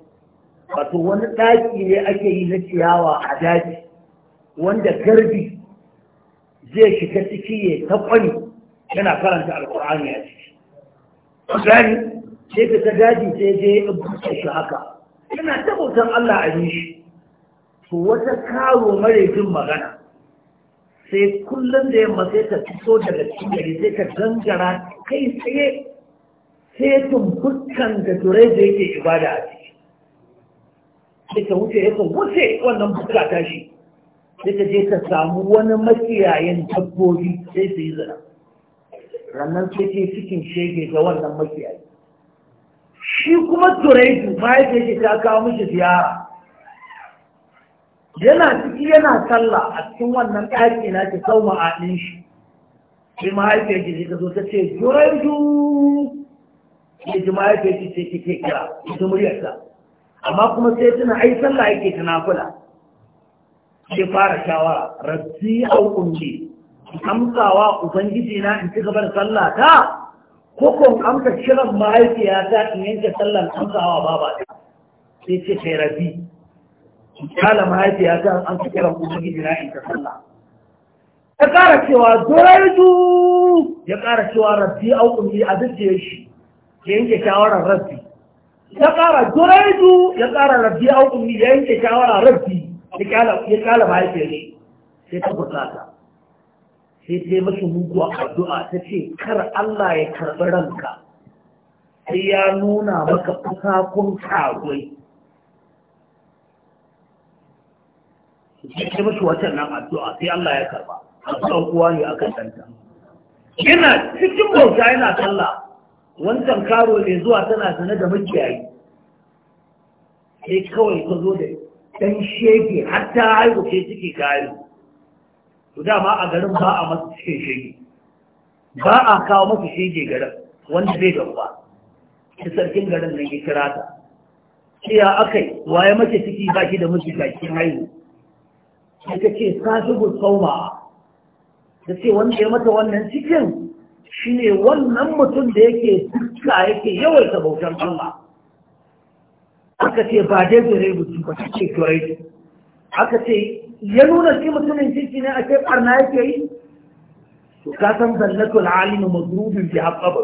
wato wani ɗaki ne ake yi na ciyawa a daji wanda garbi zai shiga ciki ya ta yana karanta alkur'ani a ciki gani sai ka daji sai je ya buɗe shi haka yana ta bautan Allah a yi shi to wata karo mara jin magana sai kullum da yamma sai ta fito daga cikin gari sai ta gangara kai tsaye sai tumbukan da turai da yake ibada a ciki sai ta wuce yakan wuce wannan buka ta shi sai ta je ta samu wani makiyayin dabbobi sai su yi zina rannan sai ke cikin shege ga wannan makiyayi shi kuma turaitu mahaifiyar shi ta kawo mishi ziyara yana ciki yana sallah a cikin wannan ɗaki na ta sau ma'anin shi sai mahaifiyar shi ta zo ta ce turaitu ya ji mahaifiyar shi ce kike kira ita muryarsa amma kuma sai tuna ai sallah yake ta nafula ke fara shawara rasi au ummi amsawa ubangiji na in ci gaba da sallah ta ko kun amsa kiran mahaifiyata in yanke sallan amsawa baba ta sai ce kai rabi kala mahaifiyata an ta kiran ubangiji na in ka sallah ya ƙara cewa doraitu ya ƙara cewa rabbi auƙunji a zuciyar shi ya yanke shawarar rabbi ya ƙara doraitu ya ƙara rabbi auƙunji ya yanke shawarar rabbi ya ƙala mahaifiyar ne sai ta fusata sai sai mashi mugu a addu'a ta ce kar Allah ya karɓi ranka sai ya nuna maka fusakun kagwai sai masu wacan nan addu'a sai Allah ya karɓa a uwa ne aka canta yana cikin bauta yana sallah wancan karo ne zuwa tana sanar da makiyayi sai kawai ka zo da ɗan shege har ta haihu ke ciki kayan to dama a garin ba a masu shege ba a kawo masu shege garin wanda bai da uba shi sarkin garin nan ya kira ta iya yi waye mace ciki ba shi da mace baki ki haihu sai ta ce sahibu sauma ta ce wanda ya mata wannan cikin shine wannan mutum da yake duka yake yawaita bautar Allah aka ce ba dai zai mutum ba ta ce kurai aka ce ya nuna shi mutumin kirki ne a kai barna yake yi to ka san zallatul alimu mazrubin bi haqqaba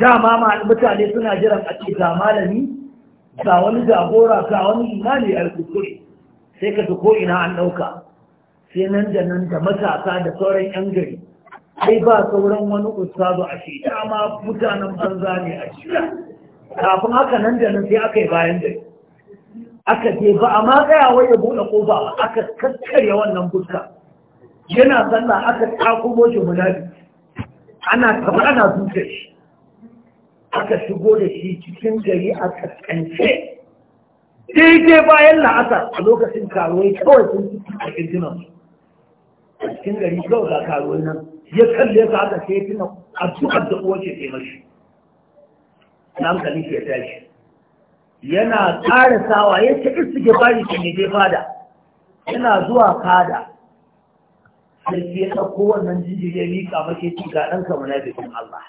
dama mutane suna jiran a ce ga malami ga wani jagora ga wani imani a kuskure sai ka ko ina an ɗauka sai nan da nan da matasa da sauran yan gari sai ba sauran wani ustazu a shi dama mutanen banza ne a shida kafin haka nan da nan sai aka yi bayan gari aka je ba a ma tsayawa ya buɗe ƙofa ba aka kakkarya wannan fuska yana sallah aka takubo shi munafi ana kamar ana duka shi aka shigo da shi cikin gari a kaskance daidai bayan la'asa a lokacin karuwai kawai sun ci a kirjinan a cikin gari kawai ga karuwai nan ya kalle ka aka sai tuna addu'ar da uwace ke mashi na hankali ke tashi yana sawa ya ce bari ta ne dai fada yana zuwa fada sarki ya ta wannan jinjiri ya liƙa mace ci ga ɗan kamar bikin Allah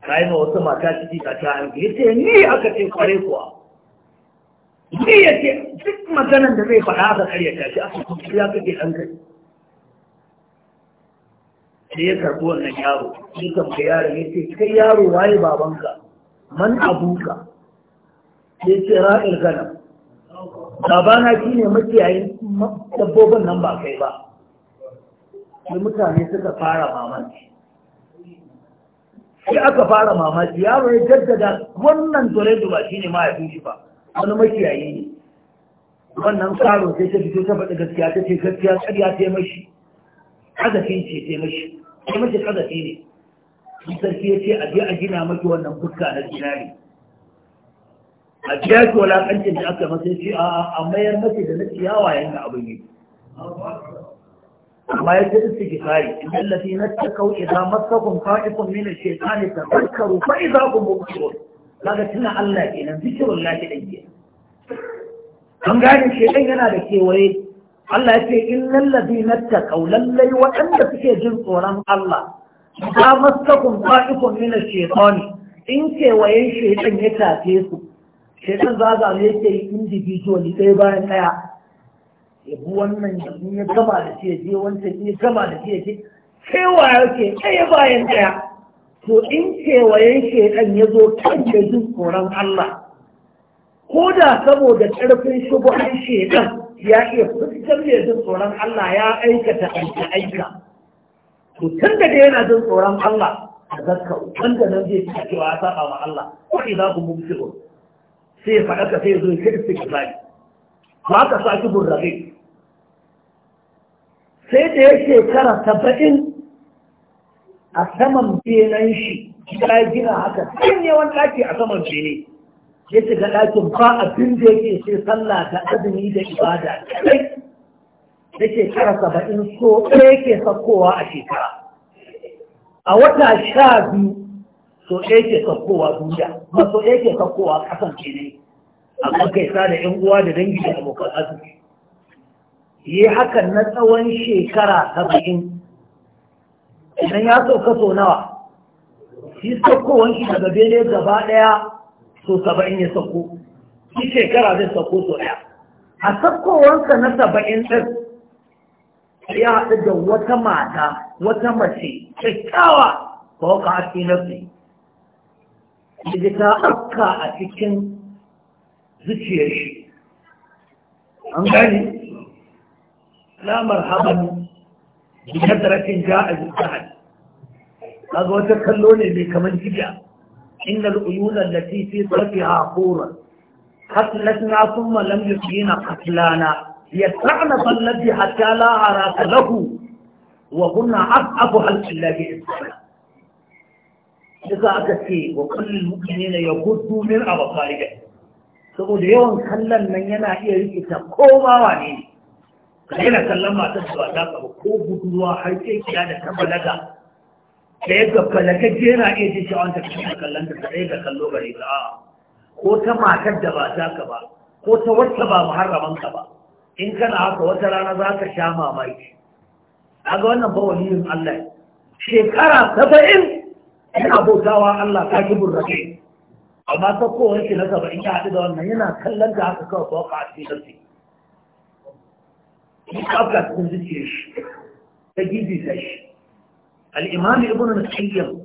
ka yi ma wasu mata ciki ka ta hanku ya ce ni aka ce kware kuwa ni ya ce duk maganan da zai faɗa aka ta, shi aka kuma ya kake ɗan kai sai ya karɓi wannan yaro sai kan yaro ya ce kai yaro waye babanka man abuka ya ce ra'il ganam babana shi ne makiyayin dabbobin nan ba kai ba sai mutane suka fara mamaki sai aka fara mamaki ya ya jaddada wannan turai ba shi ne mahaifin shi ba wani makiyayi ne wannan karo sai ta fito ta faɗi gaskiya ta ce gaskiya ƙarya ta mashi ƙazafi ce ta mashi ta mashi ƙazafi ne sarki ya ce a je a gina maki wannan fuska na zinari a biya ki walaƙancin da aka masu shi a mayar mace da na ciyawa yanda abin yi amma ya ce kare, in allafi na kun idza masakum fa'ikun min ash-shaytani tadhakkaru fa idza hum mubsirun kaga tuna Allah kenan zikrul lahi dan ke an gane shaytan yana da kewaye Allah ya ce in na ladina taqaw lallai waɗanda suke jin tsoron Allah Za idza masakum fa'ikun min ash-shaytani in kewayen shaytan ya tafe su shaitan zaza ne yake yi individually ɗaya bayan ɗaya ya bi wannan in ya gama da shi ya je wancan in ya gama da shi ya je ya yake ɗaya bayan ɗaya to in kewayen shaitan ya zo kan da jin tsoron Allah ko da saboda ƙarfin shugaban shaitan ya iya fuskar da jin tsoron Allah ya aikata aika aika to tun da yana jin tsoron Allah a zakka wanda nan zai fi cewa ya saba wa Allah ko ina ku mun sai ya faɗa ka sai ya zo ya istighfari ba ka saki burrabe sai da ya shekara saba'in a saman benen shi ya gina haka sanyewan ɗaki a saman bene ya shiga ɗakin ba abin da yake sai sallah ta azumi da ibada kai da shekara saba'in so ɗaya ke sakowa a shekara a wata sha biyu so ɗaya ke saukowa duniya ba so ɗaya ke saukowa ƙasan ke ne amma kai sa da ƴan uwa da dangi da abokan arziki yi hakan na tsawon shekara saba'in idan ya sauka so nawa shi saukowa shi daga bene gaba ɗaya so saba'in ya sauko shi shekara zai sauko so ɗaya a saukowansa na saba'in ɗin ya haɗu da wata mata wata mace kyakkyawa ba waka na nafsi إذا تأكى أتكن ذكي أشي أنقلي لا مرحبا بكثرة جائز الزهد أقوى تكلوني بكمن جدا إن الأيون التي في طرفها قورا قتلتنا ثم لم يحيينا قتلانا يتعنى الذي حتى لا عراك له وهن أضعف هل إلا بإذن shi za aka ce wa kullum mutane na ya gudu min a saboda yawan kallon nan yana iya rikita ko ma wane ne ka yana kallon matar da ba ta ba ko budurwa har sai kiya da ta balaga da ya gabbalakaje yana iya ji shawon ta kashe kallon ta da kallo gare ka ko ta matar da ba ta ka ba ko ta wacce ba muharraman ka ba in kana haka wata rana za ka sha mamaki a ga wannan ba Allah shekara saba'in yana bautawa Allah ta kibin rake amma ta kowane shi na gaba in ya haɗu da wannan yana kallon da haka kawai kawai a cikin ƙarfi in kafka cikin zuciyar shi ta gizi ta shi al'imami ibn al-qayyim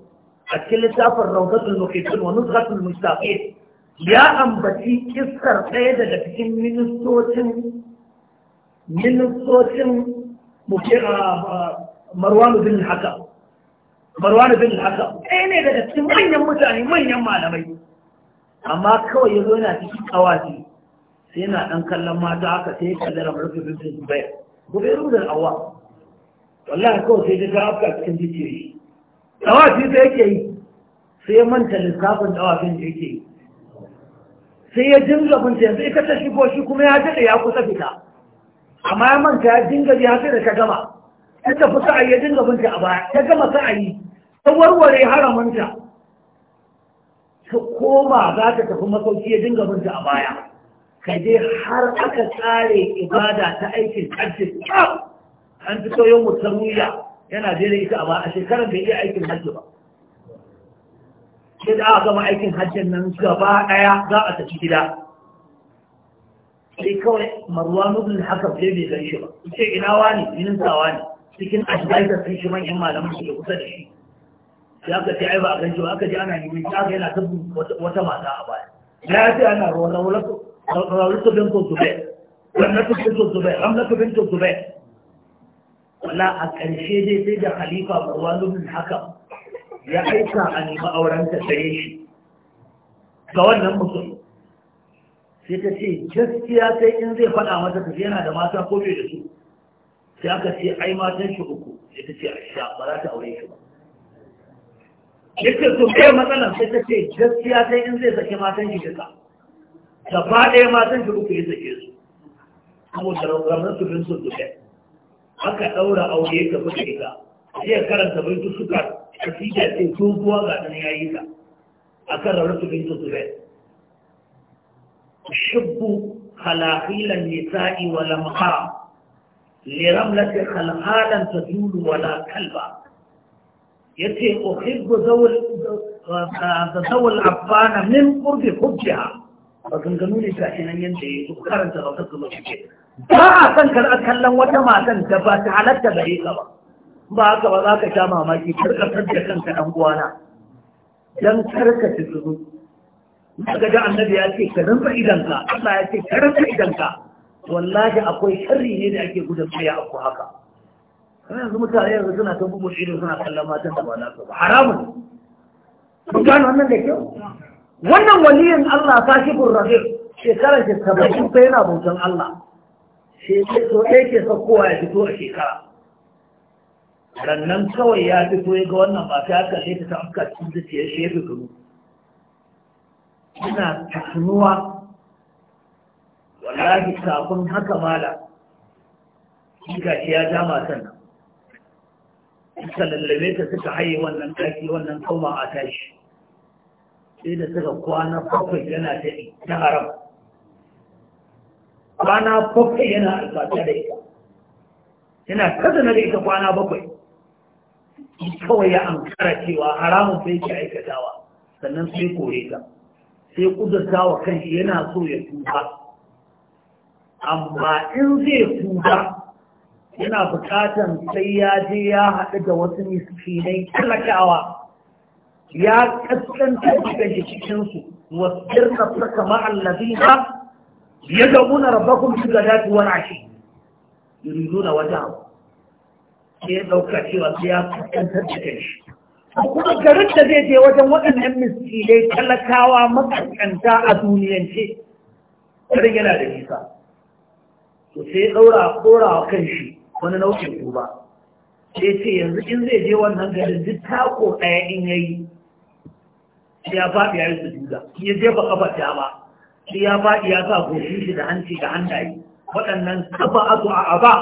a cikin littafin rawdatul muqittin wa nuzhatul mustaqim ya ambaci kissar ɗaya daga cikin ministocin ministocin mukira marwanu bin hakam marwan bin haka ɗaya ne daga cikin manyan mutane manyan malamai amma kawai ya zo yana cikin kawasi sai yana ɗan kallon mata haka sai ya kalli ramar su bin zubair gobe rudar awa wallahi kawai sai ta afka cikin jijiyoyi kawasi da yake yi sai ya manta lissafin dawafin da yake yi sai ya dinga kunta yanzu ita ta shigo shi kuma ya jiɗa ya kusa fita amma ya manta ya dinga ya fi da ta gama Ya tafi sa'ayi ya dinga kunta a baya ta gama sa'ayi ta warware haraminta ta koma za ta tafi masauki ya dinga binta a baya ka je har aka tsare ibada ta aikin hajji an fito yau musamman yana jera ita ba a shekarar da iya aikin hajji ba sai da aka gama aikin hajjin nan gaba daya za a tafi gida sai kawai marwan ibn hakan sai bai gan shi ba ce ina wani jinin sawa ne cikin asbaita sun shi manyan malaman su da kusa da shi ya aka ta yi ba a gan ba aka ji ana yi shi aka yana tabbin wata mata a baya na ce ana rawalatu bintu zubai ramlatu bintu zubai ramlatu bintu zubai wala a ƙarshe dai sai da khalifa ruwa bin haka ya aika a nemi aurenta saye shi ga wannan mutum sai ta ce gaskiya sai in zai faɗa mata ta yana da mata ko bai da su sai aka ce ai matan shi uku sai ta ce a sha ba za ta aure shi ba yake su kai matsalar sai ta ce gaskiya sai in zai sake matan shi duka gaba ɗaya matan shi uku ya sake su da ramar su bin sun duka aka ɗaura aure ka fi ita sai ya karanta bai su suka kasida ce doguwa ga ɗan yayi ka a kan ramar su bin sun duka shibbu khalaqilan nisa'i wala mahara liramlati ta dulu wala kalba ya ce uhibbu zawul abana min kurbi hujja ba ganganu ne ta nan yadda ya zuku karanta ba wata mace ce ba a san kar kallon wata matan da ba ta halatta gare ka ba ba haka ba za ka sha mamaki karkatar da kanka dan uwana dan karka ci zuru daga da annabi ya ce ka rinsa idanka Allah ya ce ka rinsa idanka wallahi akwai sharri ne da ake gudanar ya a ku haka kan yanzu mutane yanzu suna ta bugun ido suna kallon matan da ba na ba haramun kun gano wannan da kyau wannan waliyin Allah kashifur rafiq shekarar ke saba'in fa yana bautan Allah shekarar so ɗaya ke saukowa ya fito a shekara sannan kawai ya fito ya ga wannan ba ta kalle ta ta amka cikin zuciya shi ya fito ina tunuwa wallahi kafin haka mala shi ga shi ya dama sannan. suka lallame ta suka haye wannan ɗaki wannan koma a tashi sai da suka kwana bakwai yana ta ta haram kwana bakwai yana alfata da ita yana kazana da ita kwana bakwai kawai ya kara cewa haramun sai ke aikatawa sannan sai kore ta sai kudurta wa kanshi yana so ya tuba amma in zai tuba yana bukatan sai ya je ya haɗu da wasu miskinai talakawa ya kaskanta daga jikinsu wasu irka saka ma'allafi ba ya zauna rabakun su ga dafi wani ashe yuridu nuna wata hau ke ya ɗauka cewa sai ya kaskanta daga shi kuma garin da zai je wajen waɗannan miskinai talakawa makaskanta a duniyance garin yana da nisa to sai a ƙora wa shi. wani nau'in uba sai ce yanzu in zai je wannan garin duk tako ɗaya in yi. ya faɗi ya yi su sujuda ya jefa ta ba shi ya faɗi ya sa goshin shi da hanci da hannaye waɗannan kafa asu a aba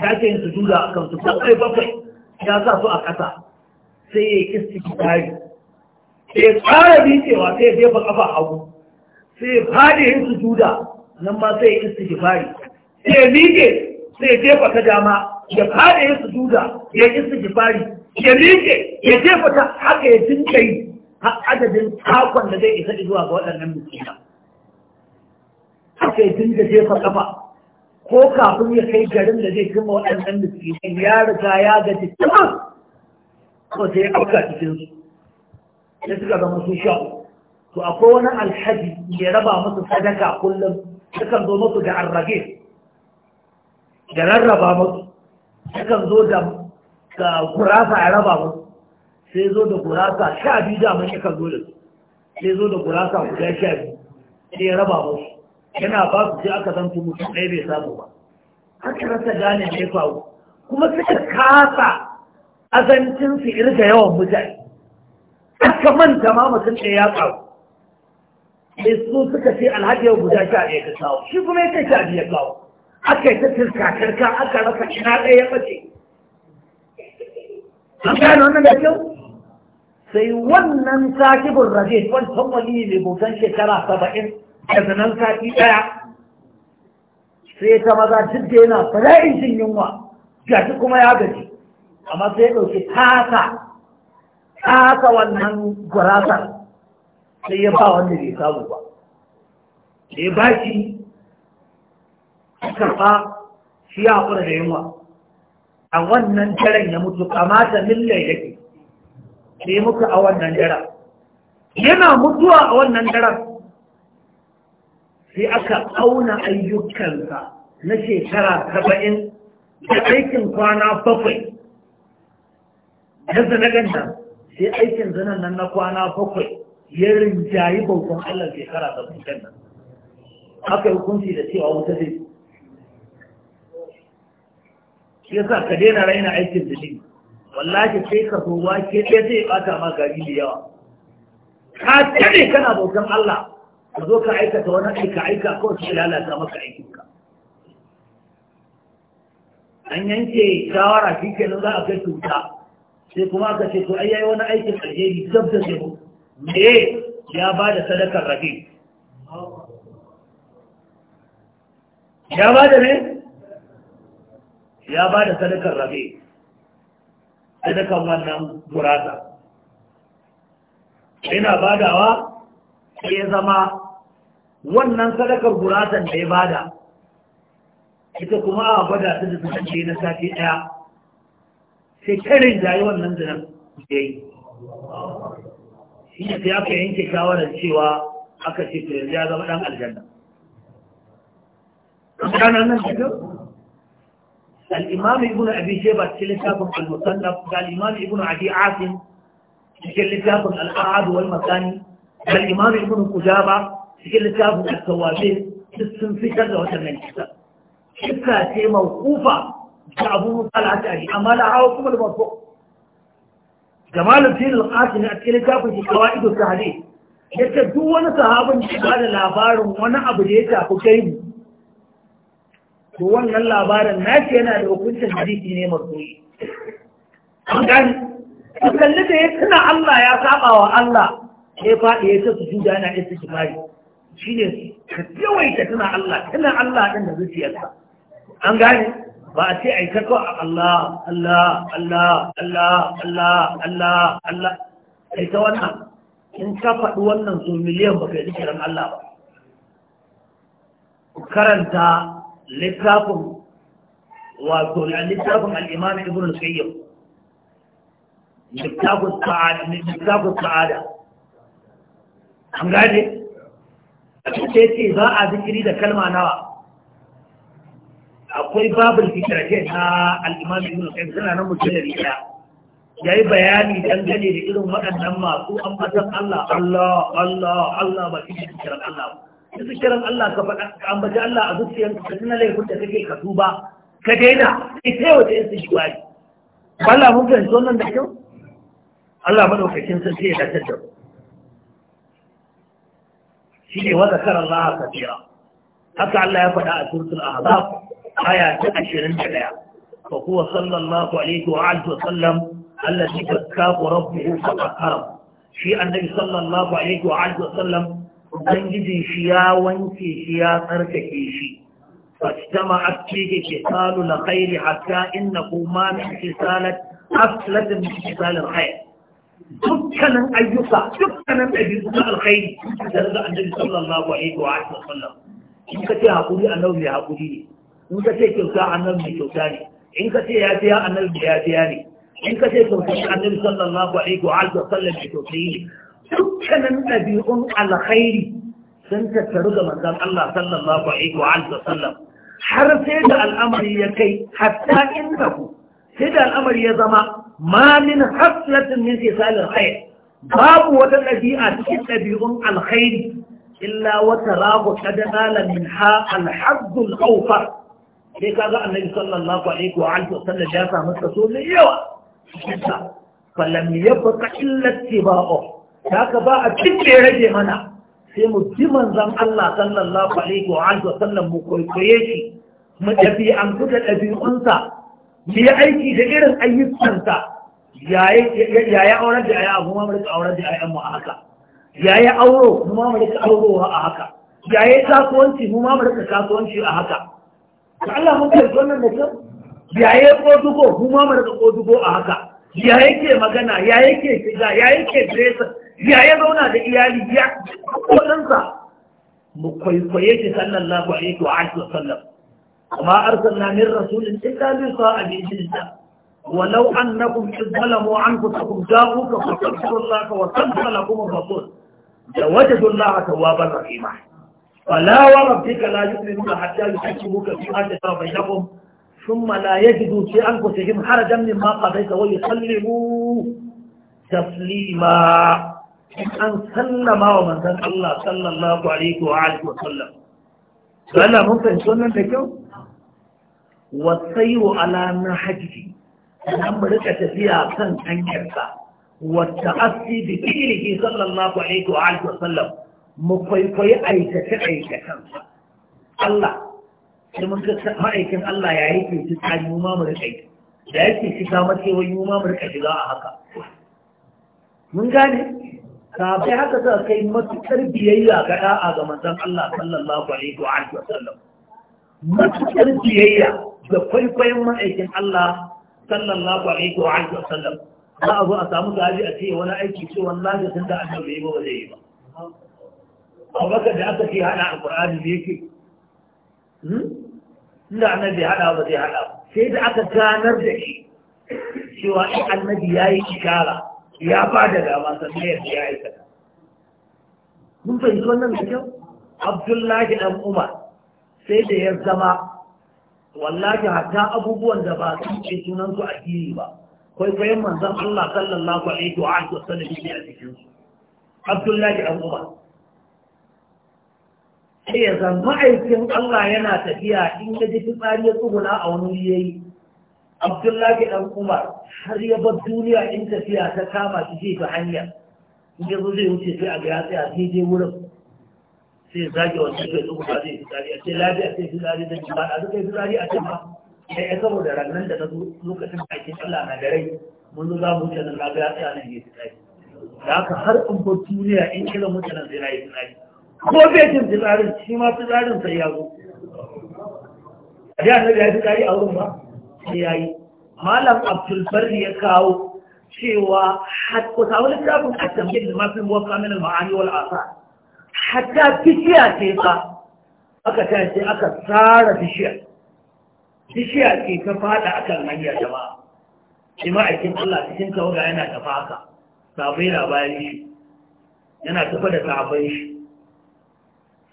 ya ce su sujuda a kansu bakwai bakwai ya sa su a ƙasa sai ya yi ki tari sai ya ƙara bincewa sai ya jefa kafa hagu sai ya faɗi su sujuda nan ma sai ya ki fari. sai ya miƙe sai jefa ta dama ya fada ya sujuda ya yi sujifari ya miƙe ya jefa ta haka ya dinka yi har adadin takon da zai isa zuwa ga waɗannan miskina haka ya dinka jefa kafa ko kafin ya kai garin da zai cimma waɗannan miskinan ya riga ya gaji tamam ko sai ya auka cikin su ya suka zama musu sha to akwai wani alhaji ya raba musu sadaka kullum sukan zo musu da arrage da rarraba musu sukan zo da gurasa ya raba musu sai zo da gurasa sha biyu da mun yakan zo da su sai zo da gurasa guda sha biyu sai ya raba musu yana ba su sai aka zanto musu ɗaya bai samu ba haka rasa gane mai faru kuma suka kasa azancin su irga yawan mutane aka manta ma mutum ɗaya ya kawo sai su suka ce alhaji yau guda sha ɗaya ka kawo shi kuma ya ce sha biyu ya kawo aka yi ta turka aka rasa ina ɗaya ya ɓace an gano wannan da kyau sai wannan sakibin rajin wancan wani ne shekara saba'in da zanen sati ɗaya sai ta maza duk da yana fara'in jin yunwa gashi kuma ya gaji amma sai ya ɗauki tasa tasa wannan gurasar sai ya ba wanda bai samu ba sai ba shi ya karɓa shi ya haƙura da yunwa a wannan jiran ya mutu kamata ya ke sai muka a wannan daren yana mutuwa a wannan daren sai aka auna ayyukansa na shekara saba'in da aikin kwana bakwai yanzu na ganta sai aikin zanen nan na kwana bakwai ya rinjayi bautan Allah shekara saba'in nan aka yi hukunci da cewa wuta zai shi yasa ka daina raina aikin da shi wallahi sai ka zo wake ɗaya zai bata ma gari da yawa ka tsare kana bautan Allah ka zo ka aikata wani aika aika kawai sai lalata maka aikinka an yanke shawara shi nan za a kai tuta sai kuma aka ce to ai yayi wani aikin alheri dab da zai me ya ba da sadakar rafi ya ba ne ya ba da sadakar rabe sadakan wannan gurasa ina badawa sai ya zama wannan sadakar gurasan da ya bada ita kuma a gwada ta da kasance na sati daya sai karin yi wannan nan da yi shi ta yaka yanke shawarar cewa aka ce ta yanzu ya zama ɗan aljanna. Ƙasanar nan cikin الإمام ابن أبي شيبة كلتاب المصنف الإمام ابن عدي عاصم كلتاب الأعاد والمكاني الإمام ابن قجابة كلتاب التوابين تسن في كذا وتمن كتاب شكا شيء موقوفة أبو موسى العشعري أما لا عاوكم الموقوف جمال الدين القاسم كلتاب في قواعد التحديث yake duk wani sahabin da ba da labarin wani abu da ya tafi kai mu to wannan labarin nashi yana da hukuncin hadisi ne marfu'i an gani su kalli da ya tuna Allah ya saba wa Allah ya faɗi ya ce su juda yana isa jimari shi ne ka yawaita tuna Allah tuna Allah ɗin da zuciyarsa an gane. ba a ce a yi aika a Allah Allah Allah Allah Allah Allah Allah ta wannan in ka faɗi wannan so miliyan ba kai yi zikirin Allah ba karanta littafin wato littafin Al'imamin ibn al-sayyid littafin sa'ada an gane a cikin ce za a zikiri da kalma nawa akwai babul fitarke na Al'imamin ibn al-sayyid suna nan mutum da riya ya yi bayani dangane da irin waɗannan masu ambatan Allah Allah Allah Allah ba su fikirar Allah ba zikirin Allah ka faɗa ka ambaci Allah a zuciyanka ka tuna laifin da kake ka tuba ka daina sai sai wata yin shi wani Allah mun fahimci wannan da kyau Allah madaukakin sarki ya dace da shi ne wanda karar Allah kafira haka Allah ya faɗa a suratul ahzab aya ta 21 فهو صلى الله عليه وآله وسلم الذي بكاه ربه فقهره في النبي صلى wa عليه وآله Sallam. ubangiji shi ya wanke shi ya tsarkake shi fastama akike ke salu la khairi hatta inna kuma min kisalat aslat min kisal al khair dukkanin ayyuka dukkanin ɗabi'u na alkhairi da zai annabi sallallahu alaihi wa sallam in ka ce hakuri annabi mai hakuri ne in ka ce kyauta annabi mai kyauta ne in ka ce ya fiya annabi mai ya fiya ne in ka ce kyauta annabi sallallahu alaihi wa sallam mai kyauta ne dukkanin ɗabi'un alkhairi sun tattaru ga manzon Allah sallallahu alaihi wa sallam har sai da al'amari ya kai hatta inda ku sai da al'amari ya zama ma min haslatin min fisalin khair babu wata ɗabi'a cikin ɗabi'un alkhairi illa wata rago kadana min ha alhazzul khawfa sai kaga annabi sallallahu alaihi wa Sallam ya samu kaso mai yawa falam yabqa illa ittiba'u haka ba a cikin ya rage mana sai mu bi manzan Allah sallallahu alaihi wa alihi wa sallam mu kwaikwaye shi mu ɗabi'antu da ɗabi'unsa mu yi aiki da irin ayyukan ya ya aurar da ayi abu mamar rika aurar da ayi mu a haka ya ya auro mu mamar rika auro a haka ya ya kasuwanci mu mu rika kasuwanci a haka ka Allah mun kai wannan da kyau ya ya kodugo mu mamar rika kodugo a haka ya yake magana ya yake shiga ya yake dresa ya ya zauna da iyali ya kodansa mu kwaikwaye shi sallallahu alaihi wa alihi wasallam amma arsalna min rasulin illa bi sa'abi idinna ولو أنكم ظلموا أنفسكم جاءوك فاستغفروا الله وصدق لكم الرسول لوجدوا الله توابا رحيما فلا وربك لا يؤمنون حتى يحكموك فيما شجر بينكم ثم لا يجدوا في أنفسهم حرجا مما قضيت ويسلموا تسليما in an sallama wa manzan Allah sallallahu alaihi wa alihi wa sallam Allah mun fahimci wannan da kyau wa sayu ala nahji an mu rika tafiya kan hanyar sa wa ta'assi bi fi'lihi sallallahu alaihi wa alihi wa sallam mu kwaikwayi aikace aikatan Allah sai mun ga ma'aikin Allah ya yi ke tsari mu ma mu rika da yake shiga mace wai mu ma mu rika shiga a haka mun gane sabai haka ka kai matuƙar biyayya ga ɗa'a ga manzan Allah sallallahu alaihi wa sallam matuƙar biyayya da kwaikwayon ma'aikin Allah sallallahu alaihi wa sallam za a zo a samu gaji a ce wani aiki ce wannan da tunda annabi bai ba ba zai yi ba baka da aka ce hada alqur'ani ne yake hmm? inda annabi hada ba zai hada sai da aka ganar da shi cewa in annabi yi shikara. ya ba da dama sannan yadda ya aikata mun fahimci wannan da kyau abdullahi dan umar sai da ya zama wallahi hatta abubuwan da ba su ce sunan su addini ba kwaikwayon zan Allah sallallahu alaihi wa alihi wasallam ne a cikin abdullahi dan umar sai ya zama aikin Allah yana tafiya in ya ji fitsari ya tsuguna a wani yayi abdullahi dan umar har ya bar duniya in tafiya ta kama shi ce ta hanya in ya zo zai wuce sai a ga ya tsaya sai je wurin sai ya zage wanda ke zuwa ba zai fitari a ce lafiya sai fitari da ba a zuka fitari a can ba ya yi saboda rannan da na zo lokacin da ake Allah na da rai mun zo za mu wuce nan na ga ya tsaya nan ya fitari da haka har in bar duniya in kira mutanen sai na yi fitari ko bai jin fitarin shi ma fitarin sai ya zo a na biya ya fitari a wurin ba Yayi ya yi malam abdulbarri ya kawo cewa ku samu littafin a tambayin da mafi waka min al-ma'ani wal asa hatta bishiya ce fa aka ta ce aka tsara bishiya bishiya ce ta fada akan hanyar jama'a shi ma'aikin Allah cikin tawaga yana tafa haka sabai labari yana tafa da sabai shi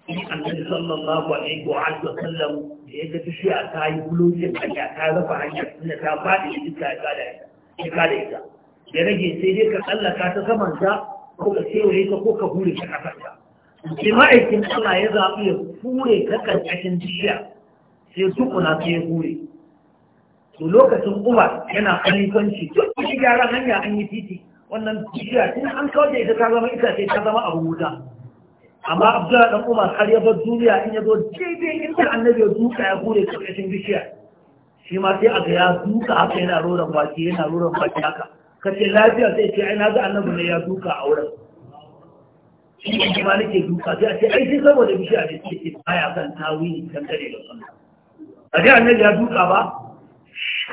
in annabi sallallahu alaihi wa alihi wasallam da ya ga a ta yi bulogin hanya ta rufe hanya inda ta faɗi da ya kada ita ya kada ita ya rage sai dai ka tsallaka ta saman ta ko ka kewaye ta ko ka hure ta kasar ta sai ma'aikin Allah ya zaɓi ya hure ta karkashin jiya sai tukuna sai ya hure to lokacin umar yana kalifanci duk da gyaran hanya an yi titi wannan jiya tun an kawar da ita ta zama ita sai ta zama abu wuta amma abdullahi dan umar har ya bar duniya in ya zo daidai inda annabi ya duka ya gure karkashin bishiya shi ma sai aka ya duka haka yana roran baki yana roran baki haka kace lafiya sai ce ai na ga annabi ne ya duka a wurin shi ne ma nake duka sai a ce ai sai saboda bishiya ne ce ke baya kan tawili kan kare da sunna a annabi ya duka ba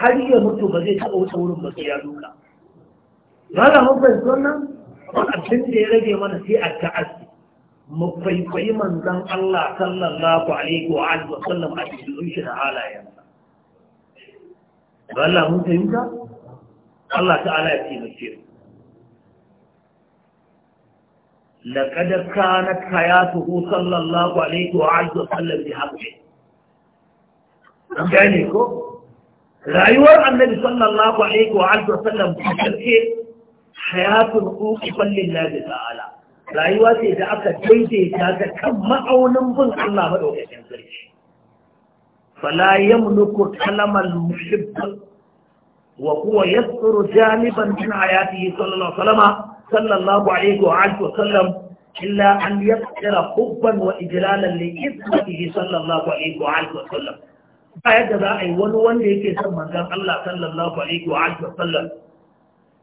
har ya mutu ba zai taɓa wuce wurin ba sai ya duka ba ga mun fahimci wannan abin da ya rage mana sai a ta'assu mu kwaikwayi manzon Allah sallallahu alaihi wa alihi wa sallam a cikin shi da halayen ba Allah mun fahimta Allah ta'ala ya taimake mu لقد كانت حياته صلى الله عليه وآله وسلم بحقه an gane ko rayuwar annabi sallallahu alaihi wa alihi wasallam ta kace hayatun uqi lillahi ta'ala rayuwa ce da aka daidaita ta kan ma'aunin bin Allah maɗaukakin sarki fala yamliku kalamal mushib wa huwa yasru janiban min hayatihi sallallahu alaihi wasallam sallallahu alaihi wa alihi wasallam illa an yaqtira hubban wa ijlalan li ismatihi sallallahu alaihi wa alihi wasallam ba yadda za a yi wani wanda yake son manzon Allah sallallahu alaihi wa alihi wasallam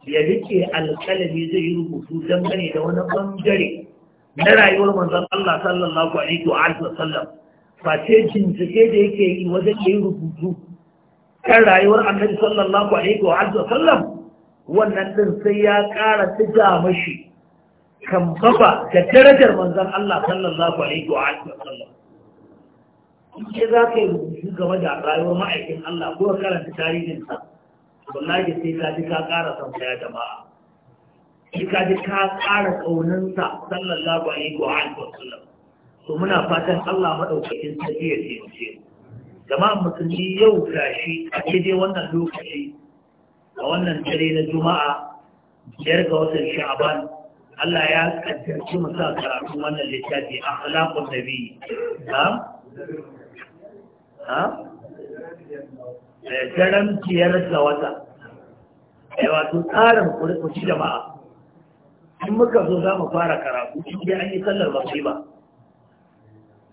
ya rike alƙalami zai yi rubutu don dangane da wani bangare na rayuwar manzan Allah sallallahu alaihi wa sallam ce bincike da yake yi wajen yi rubutu kan rayuwar annabi sallallahu alaihi wa sallam wannan din sai ya ƙara tuga mashi kan baba da darajar manzan Allah sallallahu alaihi wa sallam in za ka yi rubutu game da rayuwar ma'aikin Allah ko karanta tarihinsa wallahi sai ka ji ka ƙara son jama'a sai ka ji ka ƙara ƙauninsa sallallahu alaihi wa alihi wasallam to muna fatan Allah madaukakin sarki ya taimake mu jama'a musulmi yau gashi a cikin wannan lokaci a wannan dare na juma'a biyar ga watan sha'aban Allah ya kaddarci mu sa karatu wannan littafi akhlaqun nabi ha ha daren ciyar da wata a wato tsarin kurkuci jama'a in muka zo za mu fara karatu inda an yi sallar masiba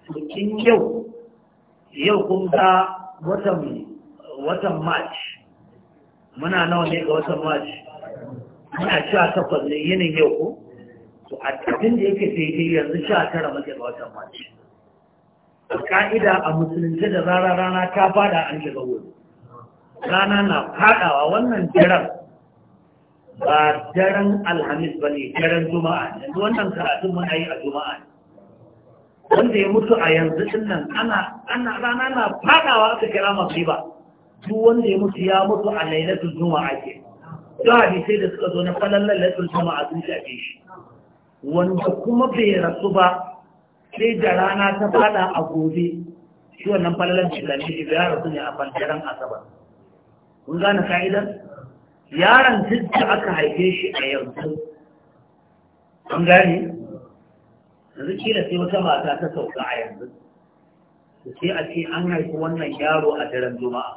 cikin yau yau kun ga watan march muna nawa ne ga watan march muna sha takwas ne yinin yau ko to a cikin da yake daidai yanzu sha tara mace ga watan march a ka'ida a musulunci da zara rana ta fada an shiga wuri rana na fadawa wannan jiran ba daren alhamis ba ne daren juma'a yanzu wannan karatun muna yi a juma'a wanda ya mutu a yanzu din nan ana rana na fadawa aka kira mafi ba duk wanda ya mutu ya mutu a lailatul juma'a ke duk hadisai da suka zo na falallar lailatul juma'a sun shafe shi wanda kuma bai rasu ba sai da rana ta fada a gobe shi wannan falalan cikalmi ya rasu ne a bangaren asabar kun gane ka'idar yaron duk da aka haife shi a yanzu an gane yanzu kila sai wata mata ta sauka a yanzu sai a ce an haifi wannan yaro a daren juma'a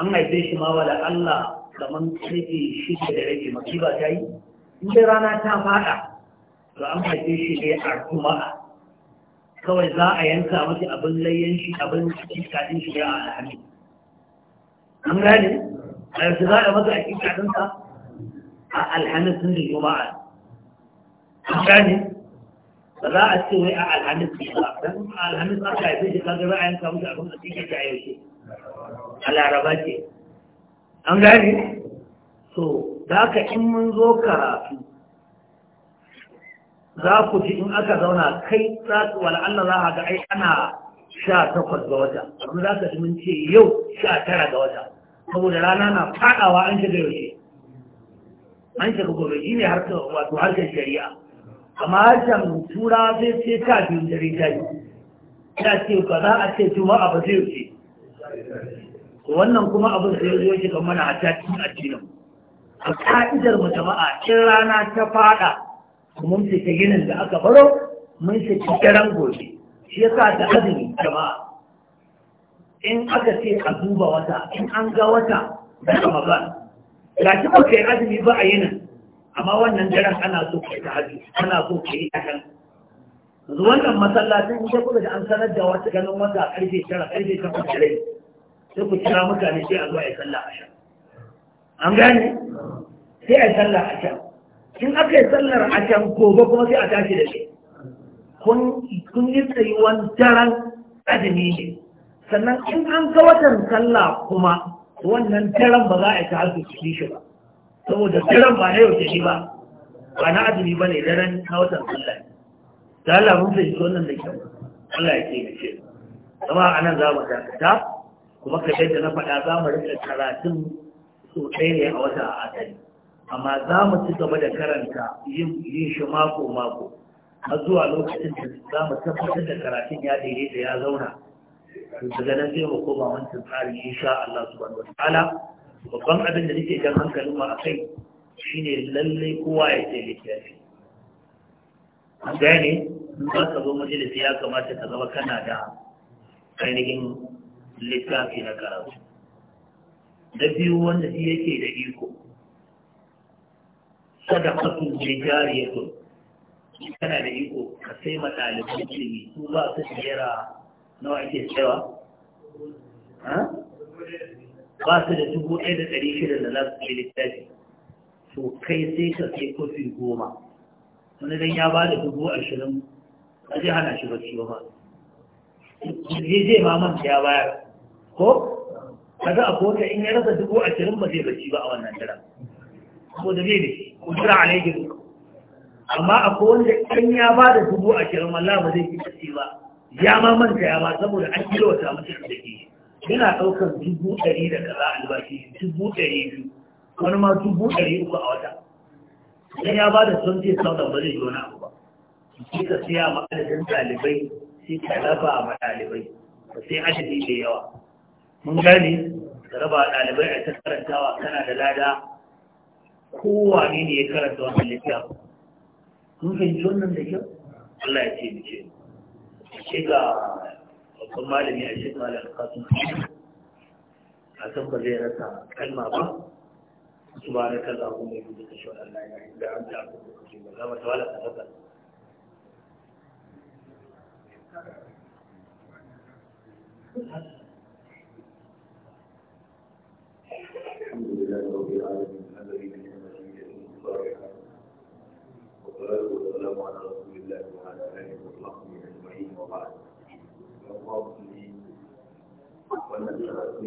an haife shi ma wala Allah kamar shi ke da maki ba ta yi in dai rana ta fada to an haife shi ne a juma'a kawai za a yanka mace abin layyan shi abin kadin shi ya a alhami an gane a yanzu za a masa a cikin kikaɗinsa a alhamis sun da juma'a an gane ba za a ce wai a alhamis ne ba don alhamis aka haife shi kaga za a yanka mace abin a cikin shi a yaushe a laraba ce an gane so da haka in mun zo karatu za ku ji in aka zauna kai za ku wal'alla za a ga ai ana sha takwas ga wata kuma za ka ji mun ce yau sha tara ga wata saboda rana na fadawa an shiga yau ce. an shiga gobe shi ne harkar wato harkar shari'a amma harshen tura sai ce ta biyu dare ta biyu ta ce ba za a ce tuma abu zai ce. wannan kuma abin zai zo shi kamar a cikin addinin a ka'idar mu jama'a in rana ta fada Kuma mun fita ginin da aka baro mun fita daren gobe shi yasa da azumi jama'a in aka ce a duba wata in an ga wata da ba ga shi ko kai azumi ba a yinin amma wannan daren ana so yi ta haji ana so yi ta kan wannan masallacin ita kula da an sanar da wata ganin wata karfe tara karfe takwas da rai sai ku kira mutane sai a zo a yi sallah a sha an gane sai a yi sallah a sha in aka yi sallar a can gobe kuma sai a tashi da shi kun yi wani daren azumi ne sannan in an ga watan sallah kuma wannan daren ba za a yi ta hasu cikin shi ba saboda daren ba na yau ta shi ba ba na azumi ba ne daren na watan sallah ta Allah mun fahimci wannan da kyau Allah ya ce ce kuma a nan za mu dakata kuma ka yadda na faɗa za mu rika karatun sosai ɗaya ne a wata a asali amma za mu ci gaba da karanta yin shi mako-mako har zuwa lokacin da za mu tabbatar da karatun ya da ya zauna da nan zai mu koma wancan tsarin sha Allah su subhanahu ala, babban abin da nake jan hankalin mu akai shine lallai kowa ya sai littafi an gane in ba ka zo majalisi ya kamata ka zama kana da ainihin littafi na karatu da biyu wanda shi yake da iko sadaqatun jariyatun kana da iko ka sai ma ɗaliban ilimi su ba su jera nawa ake cewa ba su da dubu ɗaya da ɗari shida da za su ke littafi to kai sai ka sai kofi goma wani dan ya ba da dubu ashirin a ji hana shi bacci ba ne zai ma manta ya bayar ko kaga a kota in ya rasa dubu ashirin ba zai bacci ba a wannan daren ko da ne ko jira a ne amma akwai wanda kan ya ba da dubu a kiran Allah ba zai fi ba ya ma manta ya ba saboda an kilo wata mutum da ke yana ɗaukar dubu ɗari da kaza albashi dubu ɗari biyu wani ma dubu ɗari uku a wata idan ya ba da sun ce sauran ba zai yi wani abu ba shi ka siya ma adadin ɗalibai sai ka raba ma ɗalibai ba sai adadi da yawa mun gane ka raba ɗalibai a ta karantawa kana da lada kowane ne ya karanta wannan littafin mun fahimci wannan da kyau Allah ya ce mu ce ce ga babban malami a shi malam kasu a san ba zai rasa kalma ba su ba na kaza ko mai gudu wa Allah ya yi da an ta ko ba za mu ta haka الحمد لله رب العالمين الذي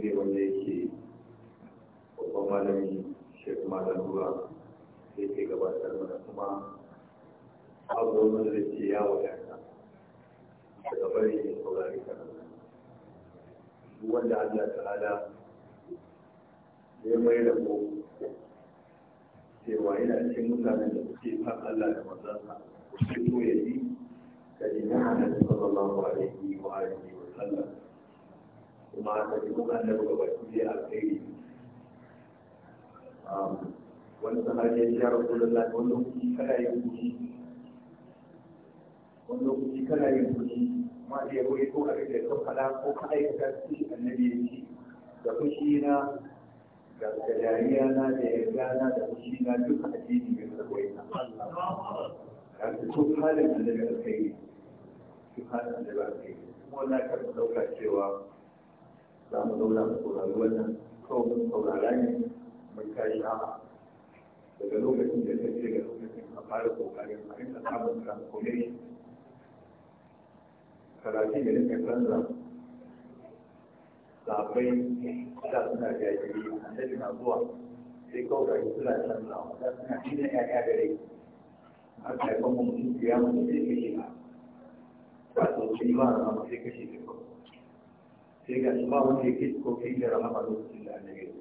ne wanda yake babban malami shekaru malam ruwa da yake gabatar mana kuma abubuwan wanda da ke ya wadata daga bari ne saurari karanta duk wanda allah ta'ala ya mai da ko cewa yana cikin mutanen da suke kan allah da mazansa su ya yi kalina na sallallahu alaihi wa alihi wa sallam kuma ta ji kuma da ba baki biya alkhairi um, wani sahabi ya rasu da lafi wani lokaci kana yin kuɗi wani lokaci kana yin kuɗi ma da ya goyi ko abin da ka faɗa ko ka aikata su shi annabi ya ci. da fushi na da dariya na da ya gana da fushi na duk addini ne da goyi na Allah ya ce duk halin da daga alkhairi duk halin da daga alkhairi kuma na karɓi ɗauka cewa za mu zauna mu saurari wannan kawai mun saurara ne mun kai a'a daga lokacin da ta ce ga lokacin a fara kokarin a rinka samun transformation karatu da rinka canza zaɓai da suna jajiri annabi na zuwa sai kawai suna canzawa da suna cinye ƴaƴa da rai aka haifan mutum ya mutu sai kashe ba ba shi ba na sai kashe sai ga shi ba wanda ya kai ko kai da rahama lokacin da annabi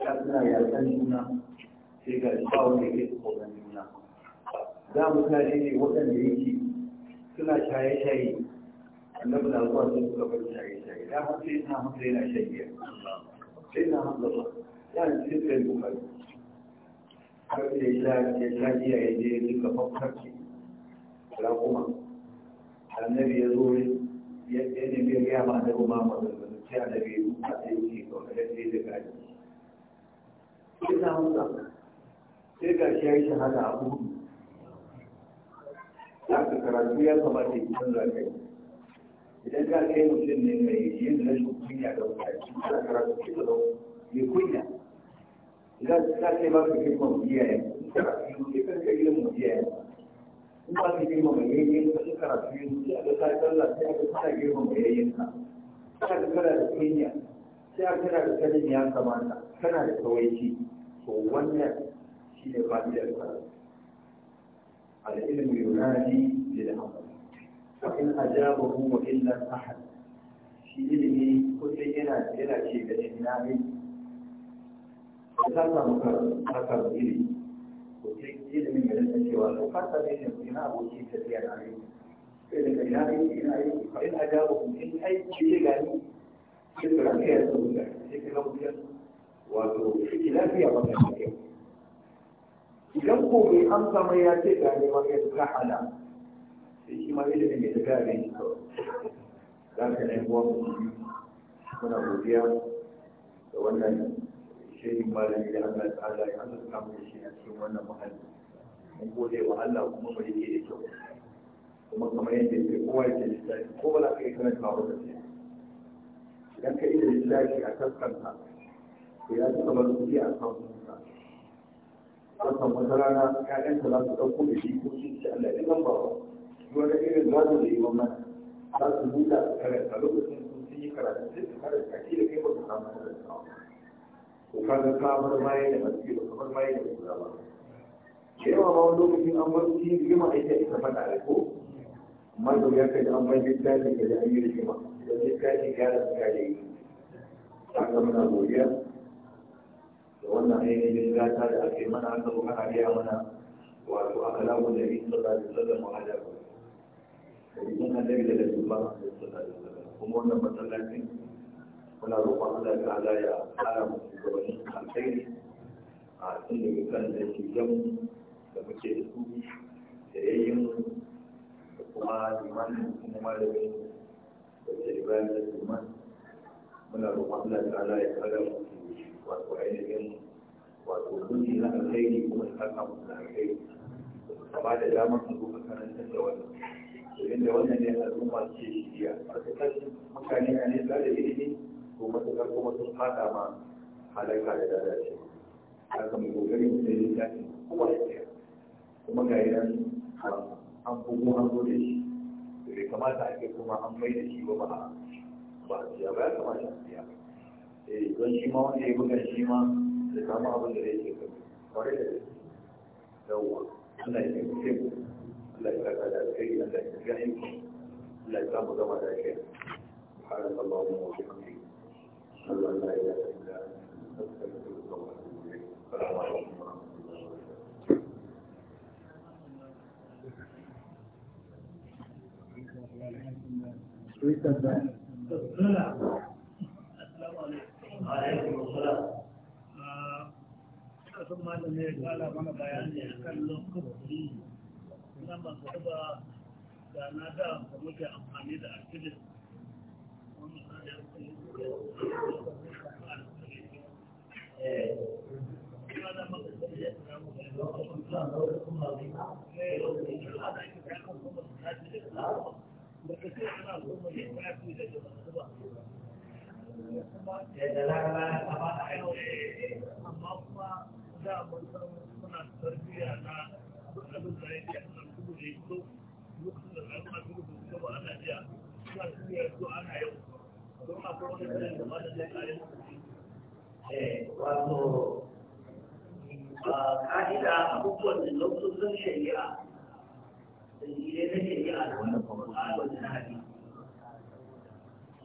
ya suna yakan juna sai ga shi ba wanda ya kai ko kan juna za mu tare ne waɗanda yake suna shaye-shaye annabi na zuwa sun suka bar shaye-shaye da har sai na hamsa yana shaye sai na hamsa ba ya ne sai sai bukari har da ya sha giya ya je duka fafarki rakuma annabi ya zo ya nemi ya gaya ma da kuma mazalmalu sai da da biyu a sai ce kawai da sai da gari sai na hausa. sai ga shi ya yi shahada a hudu Ya ka karatu ya kamata ya canza kai idan ka kai mutum ne mai yin rashin kunya da mutane za karatu ke da mai kunya idan ka kai ba ka kai kuma biyayen karatu ne kai ilimin biyayen in ba ka girma mai yayyen ka in karatu yin sai a ga sallah sai a ga girma mai yayyen ka kana da da kunya sai a kana da sanin ya kamata kana da kawaici to wannan shi ne fa'idar karatu العلم ينادي للعمل وإن أجابه وإلا أحد في علمي كل هنا هنا شيء كشنامي وكذا ta مكر إلي ilimin ya rinka cewa to farka zai ne ina aboki tafiya na sai daga aiki aiki in aiki ya da da wato lafiya ba kyau idan ko bai amsa mai ya ce gani ma ya hala sai shi ma ilimin ya ga za ka ɗan uwa mu muna godiya da wannan shehin malami da Allah ta'ala ya Allah ta da shi a cikin wannan muhalli mun gode wa Allah kuma mu yake da kyau kuma kamar yadda ke kowa yake shi, ko ba za ka yi karanta ba da shi idan ka yi da lissafi a kaskanta to ya ci kamar biya a kan kuka kasan wata rana ƴaƴanta za su ɗauko da shi ko shi ce Allah ya kan ba wa wani irin gado da yi wa mana za su buɗa su karanta lokacin sun yi karatu sai su karanta shi da kai ba su samu karanta ko kaga ka bar baya da haske ba kamar baya da kura ba da yawa ma wani lokacin an bar shi rigima ita ita fada da ko mazo ya kai an bar littafin da da an yi rigima da littafin ya da suka yi kaga muna godiya da wannan ainihin gata da ake mana aka zo kana gaya mana wato a kalamun da yi sallallahu alaihi wasallam wa hada ko da yin annabi da da sallallahu alaihi wasallam kuma wannan masallacin muna roƙon Allah ta ala ya kara mu shugabanni alkhairi a cikin da kan da ke gamu da muke da su da yayin da kuma da kuma malamin da ke bayan da liman muna roƙon Allah ta ala ya kara mu wato ainihin wato kundi na alkhairi kuma ta kama da alkhairi ba da damar su zo makarantar da wani domin da wannan ne al'umma ce shirya a cikin mutane a nesa da ilimi ko matuƙar kuma sun fada ma halaka da lalace haka mai kokarin da ya dace kowa ya tsaya kuma ga nan an bugu an zo da shi bai kamata a ke kuma an mai da shi ba ba ba ba ya kamata a siya eh don shi ma wanda ya buga shi ma da samu abin da yake kai kwarai da gaske yawwa Allah ya taimake mu Allah ya saka da alheri Allah ya tafi ayyuka Allah ya samu gama da shi سبحانك اللهم وبحمدك أشهد أن لا إله إلا أنت أستغفرك da إليك a da na da muke amfani da activist Thank wato ka'ida abubuwan da lokacin shari'a da na shari'a da wani da hadi